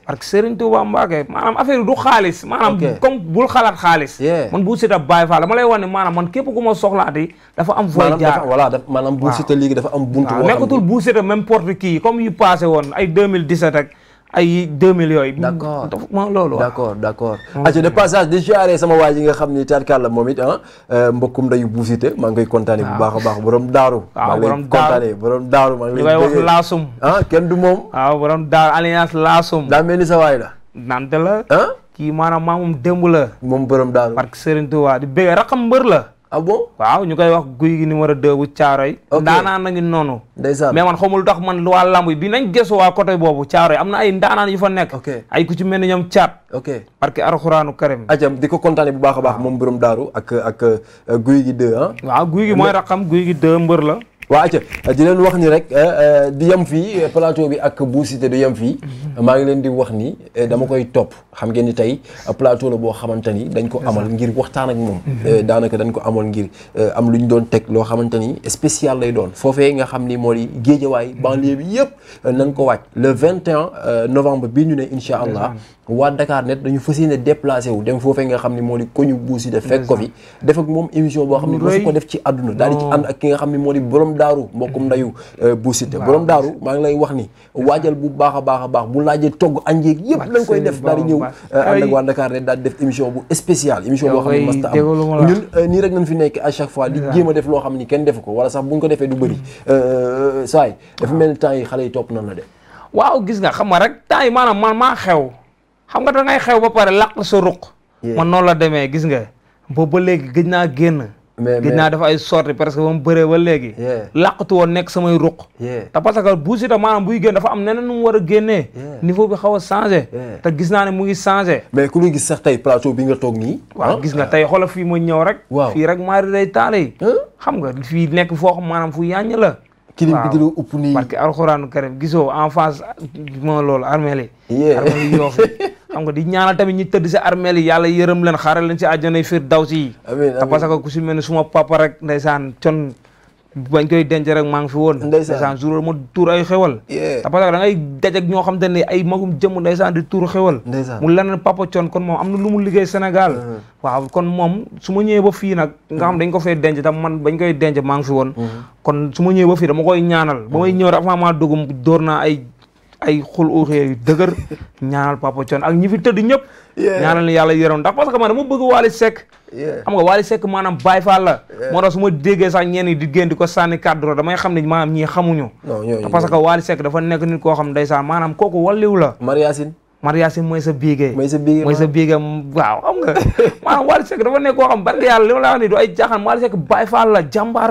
S2: parce que Serigne Touba Mbacke maanaam affaire du xaalis maanaam comme bul xalaat xaalis man Bou Siteu Baye Fall ma lay wax ne maanaam man képp ku ma soxlaati dafa am fooy jaar voilà maanaam Bou Siteu
S1: léegi dafa am buntu nekkatul
S2: Bou Siteu même porte kii comme yu passé woon ay 2017 ak ay 2 millions yooyu. d' accord loolu wax d' accord
S1: accord. Mm. de passage di jaaree sama waa ji nga xam ni la moom it ah euh, mbokkum ndayu buusite maa ngi koy kontaanee. bu baax a baax borom daaru. waaw borom daaru borom daaru maa ngi lay wax laasum. ah
S2: kenn du moom. waaw borom daaru alliance laasum. daa mel ni sa waay la. nante la. ah kii maanaam maa moom la. moom borom daaru. parce que Serigne waa di bëgg raxam mbër la. ah bon waaw ñu koy wax guy gi numéro 2 bu Caaroy ndaanaan na ngi noonu ndeysaan mais man xamul tax man waa lamb yi bi nañ gëstu waa côté boobu Caaroy am na ay ndaanaan yu fa nekk ay ku ci mel ni ñoom caat ok parce que
S1: arxuraanu karim ajam di ko kontaane bu baax a baax moom borom daaru ak ak euh, guy gi 2 ah waaw guy gi mooy raqam guy gi 2 mbër la waaw acca di leen wax ni rek eh, eh, di yem fii plateau bi ak Bou Siteu du yem fii mhm. maa ngi leen di wax ni eh, dama koy topp xam ngeen ni tey plateau la boo xamante ni dañ ko amal ngir waxtaan ak moom mhm. daanaka dañ ko amal ngir am lu ñu doon teg loo xamante ni spécial lay doon foofee nga xam ni moo di géejawaay banlieue bi yëpp nañ ko wàcc le 21 novembre bi ñu ne incha allah waa Dakar net dañu fas yéene déplacé wu dem foofee nga xam ne moo di koñu buus yi def fekk ko fi def ak moom émission boo xam ne mosu ko def ci àdduna daal di ci ànd ak ki nga xam euh, maa ngi lay wax ni waajal bu baax a baax a baax bu laajee togg anjeeg yëpp lañ koy def daal di ñëw euh, ànd ak waa Dakar net daal di def émission bu spéciale émission boo xam ne masta am ñun euh, nii rek nañ fi nekk à chaque fois di jéem a def loo xam ni kenn defu ko wala sax buñ ko defee du bëri mm. saay dafa mel temps xale yi topp nan la de waaw gis nga xam nga rek temps yi maanaam man maa xew xam nga da ngay xew ba pare laq sa ruq. ma
S2: noonu la demee gis nga boobu ba léegi gis naa génn. mais gis naa dafa ay sorti parce que ba mu bëree ba léegi. laqatu woon nekk samay ruq. te parce que bu si da buy génn dafa am neneen nu war a génnee. niveau bi xaw a changé. te gis naa ne mu ngi changé.
S1: mais ku ñu gis sax tey plateau bi nga toog nii. waaw ah?
S2: gis nga tey xoolal fii ma ñëw rek. waaw rek maari day taale yi. xam nga fii nekk foo xam maanaam fu yàññ la. kilim bi dina upp nii parce que alxuraanu karim gisoo en face moo loolu armeel yi armeel di ñaanal tamit ñi tëdd si armeel yi yàlla yërëm leen xaaral leen si àjjana firdawsi yi amiin amiin parce que ku si mel suma papa rek ndeysaan con bañ koy denc rek maa ngi fi woon ndeysaan jour ma tuur ay xewal parce que da ngay dajek ñoo xam te ne ay magum jëmm ndeysaan di tuur xewal mu leneen papa Thion kon moom am na lu mu liggéey Sénégal uh-huh. waaw kon moom su ma ñëwee ba fii nag nga xam uh-huh. dañ ko fee denc tam man bañ koy denc maa ngi fi woon uh-huh. kon su ma ñëwee ba fii dama koy ñaanal ba may ñëw rek avant maa dugg dóor ay xul uxee yu dëgër ñaanal papa Thione ak ñi fi tëdd ñëpp ñaanal yàlla yoroon ndax parce que man dama bëgg Wally Seck xam nga Wally Seck maanaam Baye Fall la moo tax su ma déggee sax ñenn di génn di ko sànni cadre damay xam ne maanaam ñii xamuñu parce que Wally Seck dafa nekk nit koo xam sa biigee mooy sa biigee mooy sa biigee waaw xam nga maanaam Wally Seck dafa nekk koo xam barke yàlla li ma la wax ni du ay jaaxaan Wally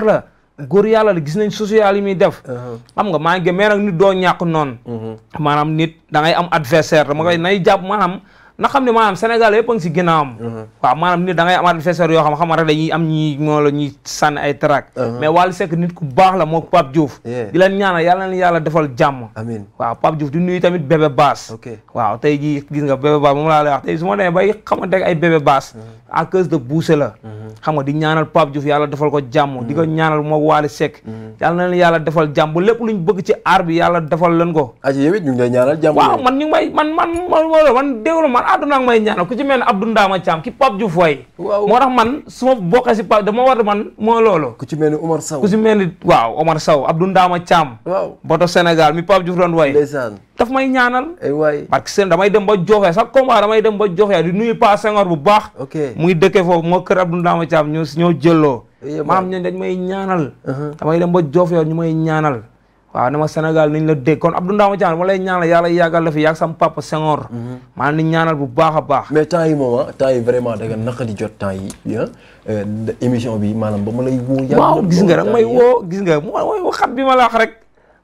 S2: la góor yàlla la gis nañ social yi muy def. Uh-huh. am nga maa ngi gëm mais nag nit doo ñàkk noon uh-huh. maanaam nit da ngay am adversaire dama koy nay jàpp maanaam. na xam ne maanaam Sénégal yëpp si ginnaawam. Uh-huh. waaw maanaam nit da ngay am adversaire yoo xam xam rek dañuy am ñi moo la ñuy sànni ay trac. mais Wally Seck nit ku baax la moo Pape Diouf. di leen ñaanal yàlla na yàlla defal jàmm. amiin waaw Pape Diouf di nuyu tamit bébé baas. ok waaw tey jii gis nga bébé baas moom laa lay wax tey su ma demee bay xamante ay bébé baas. à cause de buuse la mhm. xam nga di ñaanal Pape Diouf yàlla defal ko jàmm di ko mhm. ñaanal moo Waly sek mhm. yàlla na leen yàlla defal jàmm ba lépp lu ñu bëgg ci aar bi yàlla defal leen ko aji yow it ñu ngi lay ñaanal jàmm waaw man ñu ngi may man man man man déglu man àdduna ak may ñaanal ku ci mel ne Abdou Ndama Thiam ki Pape Diouf way moo man su ma bokkee si Pape dama war man moo loolo ku ci mel ni Omar saw ku ci mel ni waaw Omar Sow Abdou Ndama Thiam waaw boto Sénégal mi Pape Diouf doon way ndeysaan dafa may ñaanal. ay eh, waay parce que seen damay dem ba joxe sax combat damay dem ba joxe di nuyu Pa Senghor bu baax. muy mu ngi dëkkee foofu moo kër Abdou Ndama Thiam ñoo ñoo jëlloo. Eh, maam ñooñu dañ may ñaanal. Uh-huh. damay dem ba joxe ñu may ñaanal. waaw ne ma Sénégal niñ la dégg kon Abdou
S1: Ndama Thiam ma lay ñaanal yàlla yàggal la fi yàgg sama papa Senghor. Uh-huh. maa ni ñaanal bu baax a baax. mais temps yi moom ah, temps yi vraiment da nga naka di jot temps yi ah, euh, émission bi maanaam ba ma gis nga rek may ah. woo gis nga ma la wax rek.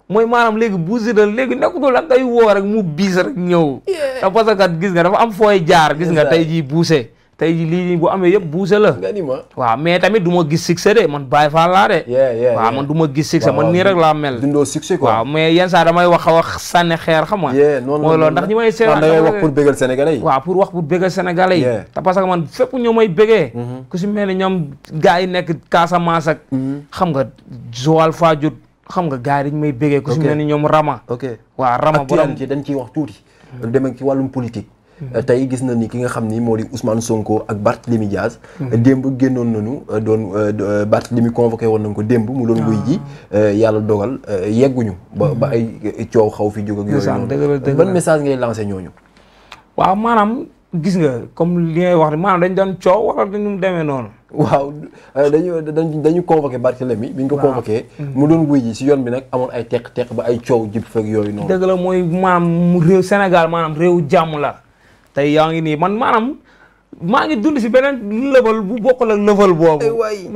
S1: mooy maanaam léegi bu Siteu léegi
S2: nekkutul la ngay woo rek mu biis rek ñëw. te parce que gis nga dafa am fooy jaar. gis nga tey jii buuse. tey jii lii bu amee yëpp buuse la. nga ni ma waaw mais tamit du ma gis succès de man Baye Fall laa de. waaw man du gis succès man nii rek laa mel. dundoo succès quoi waaw mais yenn saa damay wax a wax sànni xeer xam nga. mooy loolu ndax ñi may. seetaan da ngay wax bégal sénégalais yi. waaw pour wax pour bégal sénégalais yi. te parce que man fépp ñoo may bégee. Mm-hmm. ku si mel ni ñoom gars yi nekk Casamance ak. Mm-hmm. xam nga Joal Fadiouth. xam nga gaa yi dañ may béggee ku si mel ni ñoom Rama ok
S1: waaw Rama borom ci dañ ciy wax tuuti demee ci wàllum politique hmm. tey gis na ni ki nga xam ni moo di Ousmane Sonko ak Barthélemy Diaz hmm. démb génnoon nañu euh, doon euh, euh, Barthélemy convoqué woon nañ ko démb mu doon wuy ji ah. yàlla dogal yegguñu ba hmm. ba ay coow xaw fi jóg ak yooyu ban message ngay lancé ñooñu waaw maanaam
S2: gis nga comme
S1: li ngay wax maanaam dañ doon coow wala dañu demee noonu waaw euh, dañu dañu dañu convoqué Barthélemy bi ñu ko convoqué mm. mu doon wuy ji si yoon bi nag amoon ay teq-teq ba ay coow jib fekk yooyu noonu
S2: dëgg la mooy maanaam réew Sénégal maanaam réew jàmm la tey yaa ngi nii man maanaam maa ngi dund si beneen level bu bokkul ak level boobu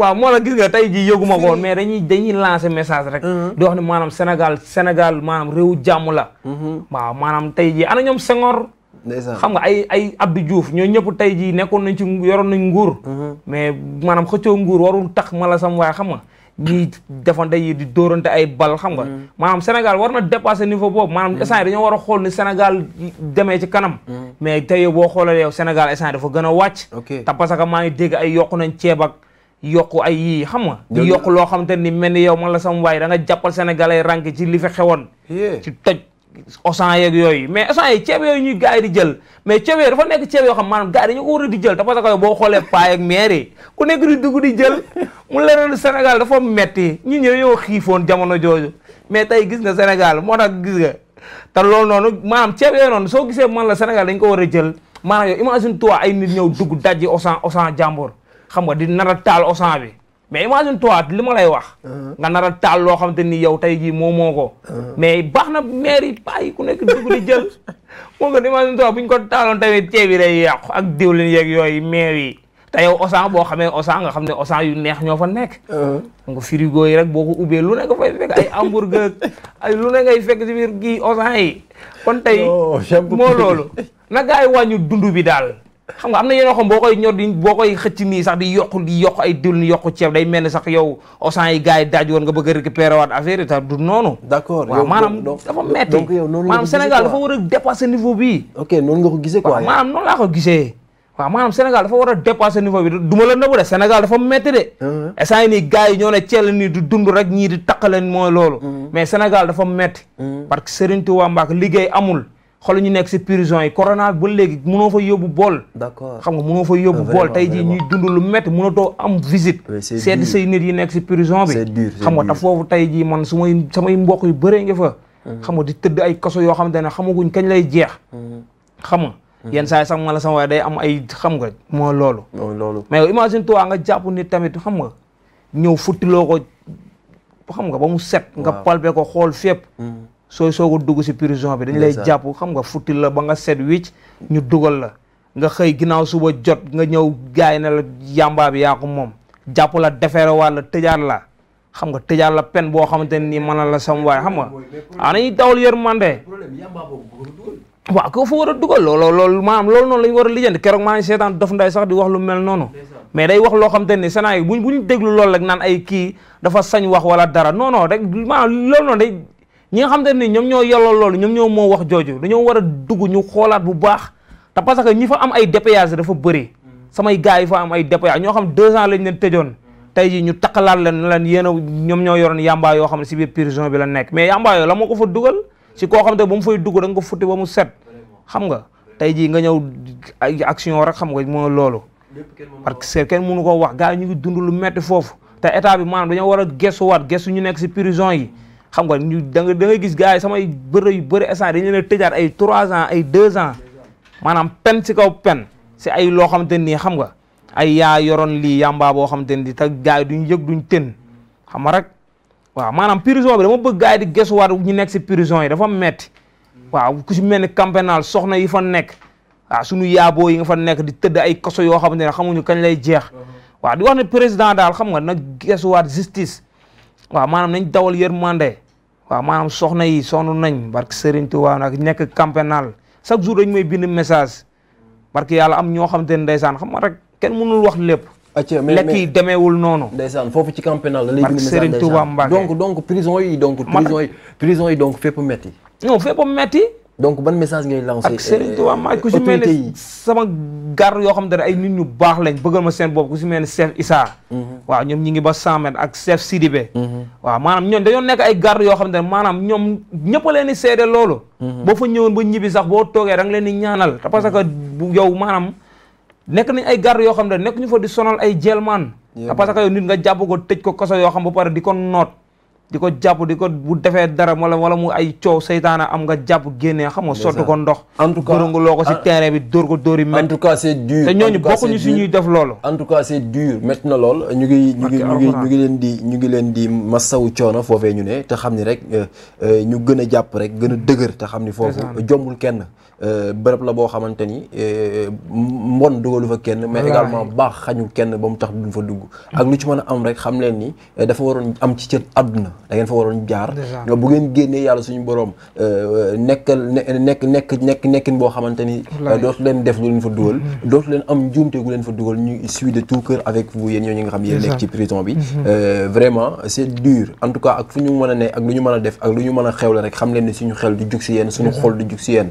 S2: waaw moo la gis nga tey jii yëguma ko mais dañuy dañuy lancé message rek mm-hmm. di wax ne maanaam Sénégal Sénégal maanaam réew jàmm la mm-hmm. waaw maanaam tey jii ana ñoom Senghor xam nga ay ay Abdou Diouf ñoo ñëpp tey jii nekkoon nañ ci yoroon nañ nguur mhm. mais maanaam xëccoo nguur waru tax mala sam waaye xam nga ñiy defante yi di dóorante ay bal xam nga mhm. maanaam Sénégal war na dépassé niveau boobu maanaam mhm. instant yi dañoo war a xool ni Sénégal demee ci kanam mais tey boo xoolee yow Sénégal instant yi dafa gën a wàcc te parce que maa ngi dégg ay yokk nañ ceeb ak yokku ay yii xam nga di yokku loo xamante ni mel ni yow man la waay waaye da nga jàppal Sénégal ay rànk ci li fi xewoon ci osan yeeg yooyu mais osan yi ceeb yooyu ñuy gars di jël mais ceeb yooyu dafa nekk ceeb yoo xam maanaam gars yi dañu ko di jël te parce que boo xoolee paa yeeg ku nekk di dugg di jël mu leneen Sénégal dafa metti ñu ñëw ñoo xiifoon jamono jooju mais tey gis nga Sénégal moo tax gis nga te loolu noonu maanaam ceeb yooyu noonu soo gisee man la Sénégal dañ ko war a jël maanaam yow imagine toi ay nit ñëw dugg dajji osan osan jàmbur xam nga di nar a taal osan bi mais imagine toi li ma lay wax. Uh-huh. nga nar a taal loo xamante ni yow tey jii moo moo ko. Uh-huh. mais baax na maire yi bàyyi ku nekk dugg di jël. moo gën imagine toi bu ñu ko taaloon tamit ceeb bi day yàqu ak diwlin yeeg yooyu maire yi te yow osan boo xamee osan nga xam ne osan yu neex ñoo fa nekk. donc uh-huh. frigo yi rek boo ko lu ne nga fay fekk ay hamburger ay lu ne ngay fekk si biir kii osan yi. kon tey moo loolu na gaay wàññi dund bi daal. xam nga am na yeneen xam boo koy ñor di boo koy xëcc nii sax di yokk di yokk ay diwlin yokk ceeb day mel ni sax yow osan yi gars daaj woon nga bëgg a récupérer waat affaire yi tax du noonu. d'accord waaw maanaam dafa metti donc yow noonu maanaam dafa war a dépasser niveau bi ok noonu nga ko gisee quoi. waaw maanaam noonu dafa war a dépasser niveau bi du ma la nëbbu de Sénégal dafa metti de. instant ah, ah. yii nii gars yi ñoo ne ceel nii du dund rek ñii di taqaleen mooy loolu. Mm-hmm. mais Sénégal dafa metti mm-hmm. parce que Serigne Touba Mbacke liggéey amul xool ñu nekk si prison yi corona ba léegi mënoo fa yóbbu bool. d'accord xam nga mënoo fa yóbbu bool tey jii ñuy dund lu métti too am visite.
S1: seet say
S2: nit yi nekk si prison bi. xam nga te foofu tey jii man su may samay mbokk yu bëree nga fa. xam nga di tëdd ay kaso yoo xamante ne xamaguñ kañ lay jeex. xam nga. yenn saa sax ma la day am ay xam nga moo loolu. mais imagine a nga jàpp nit tamit xam nga ñëw futtiloo ko xam nga ba mu set. nga palpe ko xool fépp. sooy soog a dugg si prison bi dañ lay jàpp xam nga futti la ba nga set wicc ñu dugal la nga xëy ginnaaw suba jot nga ñëw gaay na la yàmbaa bi yaa ko moom jàpp la defeere waat la tëjaat la xam nga tëjaat la pen boo xamante ne nii mën na la sam waay xam nga ah nañuy dawal yërmande waaw ko fa war a dugal loolu loolu maanaam loolu noonu la ñu war a lijjanti keroog maa ngi seetaan Dof Nday sax di wax lu mel noon mais day wax loo xam te ne Sénégal bu ñu déglu loolu rek naan ay kii dafa sañ wax wala dara non non ñi nga xam te ni ñoom ñoo yelloo loolu ñoom ñoo moo wax jooju dañoo war a dugg ñu xoolaat bu baax te parce que ñi fa am ay dépayage dafa bëri samay gaa yi fa am ay dépayage ñoo xam deux ans lañ leen tëjoon tey jii ñu takkalaat leen leen yéen ñoom ñoo yoroon yàmbaa yoo xam ne si biir prison bi la nekk mais yàmbaa yoo la dugal si koo xam te ba mu dugg da nga ko futti ba set xam nga tey jii nga ñëw ay action rek xam nga moo loolu parce que kenn mënu koo wax gaa yi ñu ngi dund lu metti foofu te état bi maanaam dañoo war a gesuwaat gesu ñu nekk si prison yi xam nga ñu da nga da ngay gis gars yi samay bëre yu bëri instant dañu leen a tëjaat ay trois ans ay deux ans maanaam pen si kaw pen si ay loo xamante nii xam nga ay yaa yoroon lii yàmbaa boo xamante ni te gars yi duñ yëg duñ tën xam nga rek waaw maanaam prison bi dama bëgg gars yi di gëstuwaat ñu nekk si prison yi dafa metti waaw ku si mel ni camp pénal soxna yi fa nekk waaw suñu yaaboo yi nga fa nekk di tëdd ay kaso yoo xamante ne xamuñu kañ lay jeex uh-huh. waaw di wax ne président daal xam nga nag gëstuwaat justice waaw maanaam nañ dawal yërmande waaw maanaam soxna yi sonn nañ barke Serigne waa nag nekk campénal chaque jour dañ may bind message barke yàlla am ñoo xamante
S1: ne ndeysaan xam nga rek kenn mënul wax lépp. acca mais lekk yi demeewul noonu. ndeysaan foofu ci camp la da lay bind message Serigne Touba Mbacke donc donc prison yi donc. prison yi prison yi fépp metti. non fépp metti donc ban message ngay lancé ak Serigne euh, Touba ku si mel sama gar yoo
S2: xam te ne ay nit ñu baax lañ bëggal ma seen bopp ku si mel ne chef Issa mhm. waaw ñoom ñi ngi ba cent mètres ak chef Sidibé mhm. waaw maanaam ñoom dañoo nekk ay yoo xam te ne maanaam ñëpp a leen di seede loolu mhm. boo fa ñëwoon ba ñibbi sax boo toogee da nga leen di ñaanal te parce que bu yow maanaam nekk nañ ay gar yoo xam ne nekk ñu fa di sonal ay jelmaan te parce yow nit nga jàpp ko tëj ko kaso yoo xam ba pare di ko noot di ko jàpp di ko bu defee dara wala wala mu ay coow seytaana am nga jàpp génnee xam nga sotti ko ndox. en tout cas gërëngaloo ko si ah, terrain bi dóor ko dóori met. en tout cas c'est dur te ñooñu bokkuñu si ñuy
S1: def loolu. en tout cas c'est dur métti na lool ñu ngi ñu ngi leen di ñu ngi leen di masawu coono foofee ñu ne te xam ni rek euh, euh, ñu gën a jàpp rek gën a dëgër te xam ni foofu jombul kenn Euh, bërëb la boo xamante ni euh, mbon dugalu fa kenn mais également baax xañu kenn ba mu tax duñ fa dugg ak lu ci mën a am rek xam leen ni euh, dafa waroon am ci cër àdduna da fa waroon jaar ñoo bu ngeen génnee yàlla suñu borom nekkal nekk nekk nekk nekkin boo xamante ni dootu leen def lu leen fa dugal mhm. dootu leen am njuumte leen fa dugal ñu suis de tout cœur avec vous yéen ñoo ñi nga xam yéen nekk ci prison bi mhm. vraiment c'est en tout cas ak ñu mën a ne ak lu ñu mën a def ak lu ñu mën a xewle rek xam leen ni suñu xel di jug si yéen suñu xol du jug si yéen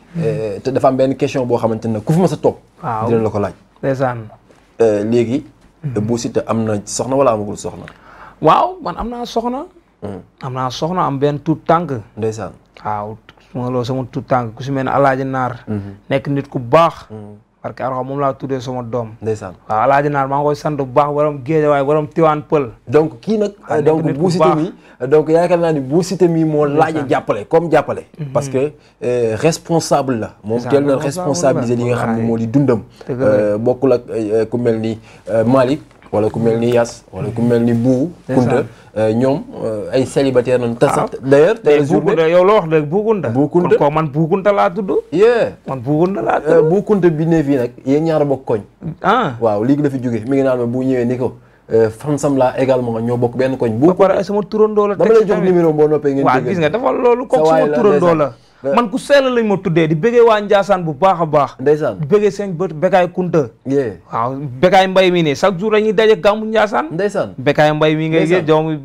S1: Euh, te dafa am benn question boo xamante ne ku fi ma sa toog.
S2: waaw dina la ko laaj. ndeysaan.
S1: Euh, léegi. Mhm. Bou Siteu am na soxna wala amagul soxna.
S2: waaw man am
S1: naa soxna. Mhm.
S2: am naa soxna am benn tuut tànk. ndeysaan. waaw su ma loolu sama tout tànk ku si mel ne Alaaji Naar. Mhm. nekk nit ku baax. parce que Arxam moom laa tuddee sama doom. ndeysaan waaw naa naar maa ngi koy sant bu baax waram
S1: géej waaye waram tiwaan pël. donc kii nag. donc Bou Siteu mi donc yaakaar naa ni Bou Siteu mi moo laaj a jàppale comme jàppale. Mhm. parce que euh, responsable la. moom teel na responsabiliser li nga xam ni moo di dundam. Euh, bokkul ak euh, ku mel ni Malick. wala ku mel ni Yas wala ku mel ni Bou Kounta euh, ñoom euh, ay célibataire nañ te sax ah. d'ailleurs tey jour bi yow loo wax léegi Bou Kounta Bou Kounta ko man Bou Kounta laa tudd yee man Bou Kounta laa euh, tudd Bou Kounta bi ne fii nag yéen ñaar bokk koñ ah waaw léegi dafa jóge mi ngi naan ma bu ñëwee ni ko fansam laa également ñoo bokk benn koñ bu pare sama turandoo la dama lay jox numéro boo noppee ngeen waaw gis nga dafa loolu kooku sama turandoo la Eh. man ku sell lañ ma tuddee
S2: di bëggee waa Ndiassane bu baax a baax ndeysaan di bëggee seen bët Bekaay Kunta yée Mbay mi ne chaque jour dañuy daje gàmmu Ndiassane ndeysaan Bekaay Mbay mi ngay gis joomu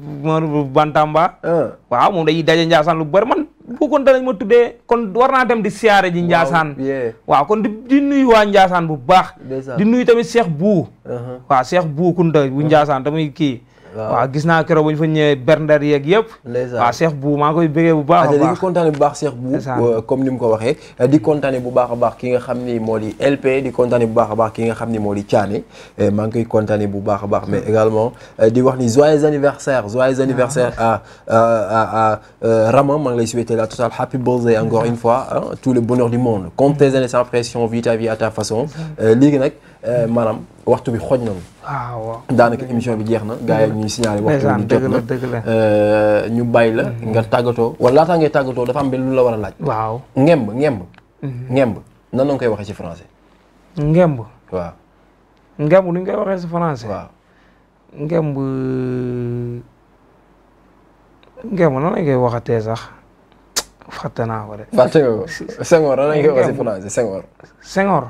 S2: Bantamba eh. waaw moom dañuy daje Ndiassane lu bëri man bu kon danañ ma tudde kon war naa dem di siyaare ji Ndiassane waaw kon di nuyu waa Ndiassane bu baax di nuyu tamit Cheikh Bou uh-huh. waaw Cheikh Bou Kunta bu uh-huh. Ndiassane tamit kii waa gis naa keroog bu ñu fa ñëwee berndar yeeg yëpp waaw Cheikh Bou maa ngi koy bégee bu baax a baax
S1: bu baax Cheikh Bou euh, comme ni mu ko waxee di bu baax a baax ki nga xam ni moo di LP di kontaane bu baax a baax ki nga xam ni moo di Thiané euh, maa ngi koy kontaane bu baax a baax mais hmm. également euh, di wax ni joyeux anniversaire joyeux anniversaire ah. à à à Rama maa ngi lay souhaiter a totale happy birthday encore hmm. une fois tout le bonheur du monde compte tes années sans pression vis ta vie à ta façon hmm. léegi nag Euh, maanaam waxtu bi xoj nañu. Ah, waaw daanaka émission bi jeex na. gaa yi ñuy signaler waxtu bi jot na euh, ñu bàyyi la mhm. nga tàggatoo. wala laataa ngay tàggatoo dafa am benn lu la war a laaj. waaw ngemb ngemb. Mhm. ngemb nan nga koy waxee si français. ngemb. waaw.
S2: ngemb koy waxee ci français. waaw ngemb. Euh, ngemb nan koy waxatee sax fàtte naa ko de. fàtte ko Senghor nan koy waxee ci français Senghor.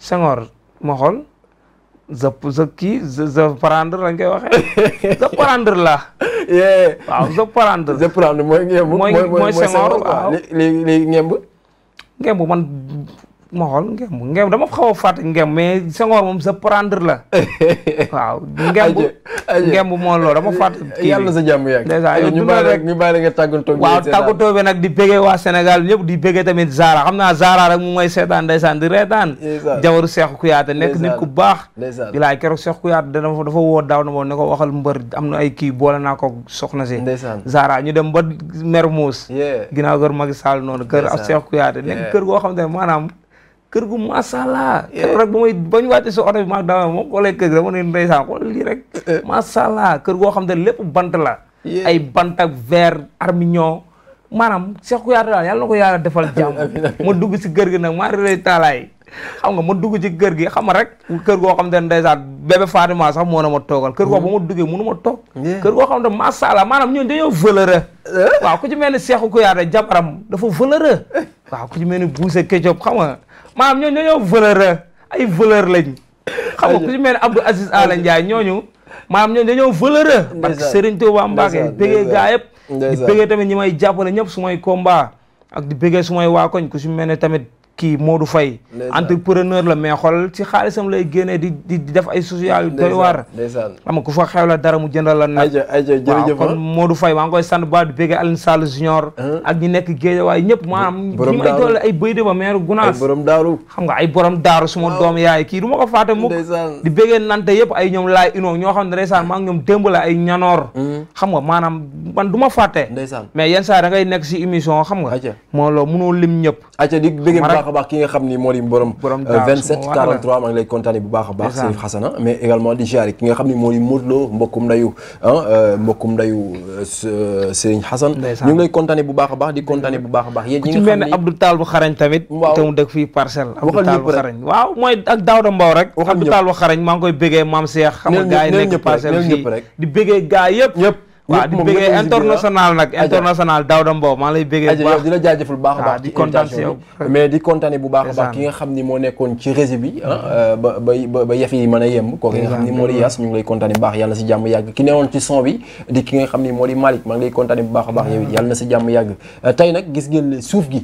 S2: Senghor ma xool je je kii je prendre lañ koy waxee je prendre la waaw je prendre je prendre mooy ngemb mooy mooy Senghor waaw léegi léegi ngemb ngemb ma xool ngeem ngeem dama xaw a fàtte ngeem mais Senghor moom sa prendre la waaw ngeem ngeem moo loolu dama fàtte kii yàlla na sa jàmm yàgg dèjà ñu bàyyi rek ñu bàyyi nga nag di béggee waa Sénégal ñëpp di béggee tamit Zara xam naa Zara rek mu mooy seetaan ndeysaan di reetaan jawaru Cheikh Kouyaté nekk nit ku baax di laay keroog Cheikh Kouyaté dafa dafa woo daaw na moom ne ko waxal mbër am na ay kii boole naa ko soxna si Zara ñu dem ba Mermoz ginnaaw kër Macky Sall noonu kër Cheikh Kouyaté nekk kër goo xam ne maanaam kër gu masala eh. rek ba may bañ wàcce si oto bi maag dama moom xoolee kër gi eh, eh. kër goo xam ne lépp bant la ay bant ak verre armignon maanaam Cheikh Kouyaté daal yàlla ko yàlla defal jàmm ma dugg si kër gi nag maa rilay nga ma dugg ci kër gi xam nga rek kër goo xam ne ndeysaan bébé Fatima sax moo na ma toogal kër goo mm. ma duggee mënu ma toog kër goo xam ne masala maanaam ñun dañoo valeureux waaw ku ci mel ni Cheikh Kouyaté jabaram dafa valeureux waaw ku ci mel ni Bousse Ketchup xam nga maanaam ñooñu dañoo voleur ay voleur lañ. xam nga ku ci mel ne Abdou Aziz Ala Ndiaye ñooñu. maanaam ñooñu dañoo voleur. parce que Serigne Touba Mbacke bëggee gaa yëpp. di bëggee tamit ñi may jàppale ñëpp su may combat ak di bëggee su may waa koñ ku ci mel ne tamit kii Modou Faye entrepreneur la mais xool ci xaalisam lay génnee di di def ay social yu doy waar ku fa xew la dara mu jëndal la nag waaw kon ah. Modou Faye maa ngi koy sant ba di bégge Alioune Sall junior ah. ak ñi nekk Guédiawaye ñëpp maanaam ñi may doole ay bëy de ba maire
S1: Gunaas xam
S2: nga ay borom daaru suma doom yaay kii du ma ko fàtte mukk di béggee nante yëpp ay ñoom laay inoo ñoo xam ne ndeysaan maa ngi ñoom démb la ay ñanoor hmm. xam nga maanaam man du ma fàtte mais yenn saa
S1: da ngay nekk si émission xam nga moo aca di bëgg bu baax a baax ki nga xam ni moo di borom 27 43 euh, maa ngi lay bu baax a baax Serif Xasana mais également di ziare ki nga xam ni moo di Modou mbokkum ndayu ah Xasan euh, euh, ñu ngi lay kontaane bu baax a baax di kontaane bu baax a baax yéen ñi nga ni ku ci
S2: mel bu xarañ tamit waaw te mu dëkk fii parcelle Abdou Tall bu xarañ waaw mooy ak Daouda Mbow rek Abdou Tall bu xarañ maa ngi koy bëggee maam Cheikh xam nga gars yi nekk parcelle fii di bëggee gars yëpp waaw di bëggee international nag international Daouda
S1: Mbow maa lay bëggee bu baax baax di kontaan si mais di kontaane bu baax baax ki nga xam ni moo nekkoon ci réseau bi ah, euh, ba ba ba a yem kooku nga xam ni moo di Yaas ñu ngi si jàmm yàgg ki newoon ci son bi di nga xam ni moo di Malick maa ngi lay kontaane bu baax a baax yow it yàlla na si jàmm yàgg euh, tey nag gis ngeen suuf gi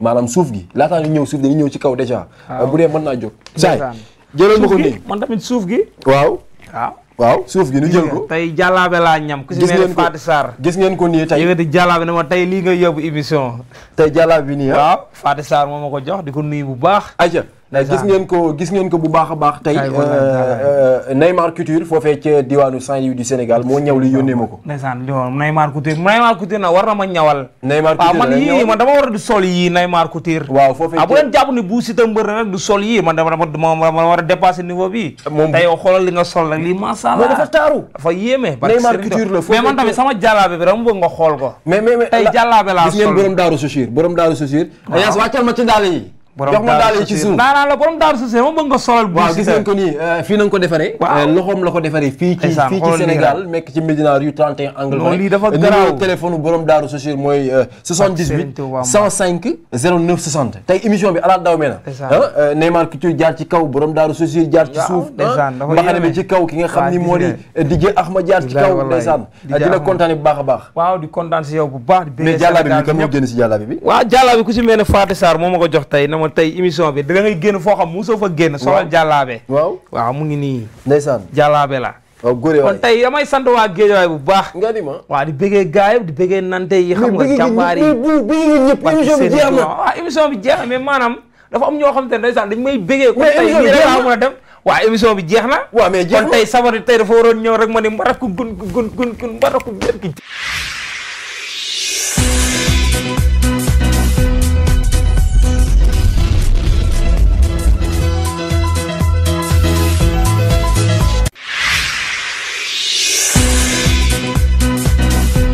S1: maanaam suuf gi laataa ñu ñëw suuf dañu ñëw ci kaw déjà euh, bu dee mën naa jóg saay jëlal ma ko nii
S2: man tamit suuf gi
S1: waaw waaw waaw suuf bi nu jël ko
S2: tey jàllaabe laa ñam ku si mel gis ngeen ko nii tey yëngati jàllaabe ne ma tey
S1: lii nga yóbbu émission tey jàllaabe bi nii ah. waaw Fatou Sarr moo ko jox di ko nuy bu baax aja gis ngeen ko gis ngeen ko bu baax a baax tey euh, euh, Neymar Couture foofee ca diwaanu Saint-Louis du Sénégal moo ñëw li yónnee ma ko
S2: ndeysaan li Neymar Couture Neymar Couture na war na ma ñawal Neymar Couture waaw man yii man dama war a du sol yii Neymar Couture waaw foofee ah, bu leen jàpp ne bu si ta rek du sol yii man dama dama war a niveau bi tey yow oh, xoolal li nga sol rek lii macha allah dafa taaru dafa yéeme Neymar Couture la mais man tamit sama jàllaabe bi dama bëgg nga xool ko mais mais tey
S1: jàllaabe laa sol gis ngeen jox daaru Soussir euh, euh, mooy 78 105 09 60 tey émission bi alaat daw mee ah, euh, Neymar Couture jaar ci kaw borom daaru Soussir jaar ci suuf ah, mbaxane bi ci kaw ki nga xam ni moo di DJ Ahmad jaar ci kaw dina ah, kontaan baax a baax waaw di kontaan si yow bu baax mais jàllaabi si jàllaabi bi waaw
S2: jàllaabi ku si mel ne Fatou Sarr ma ko jox tey tey émission bi da ngay génn foo xam mosoo fa génn. solal jàllaabe. waaw waaw mu ngi nii. ndeysaan jàllaabe la. waaw góore waay kon tey damay sant waa Géejawaay bu baax. nga di ma waaw di bëggee gars yi di bëggee nante yi. xam nga jàmbaar yi waaw émission bi jeex na mais maanaam dafa am ñoo xam te ne ndeysaan dañ may bëggee. mais émission bi bi jeex na. waaw mais jeex na kon tey sabari tey ñëw rek ma ne mbarak gun gun gun gun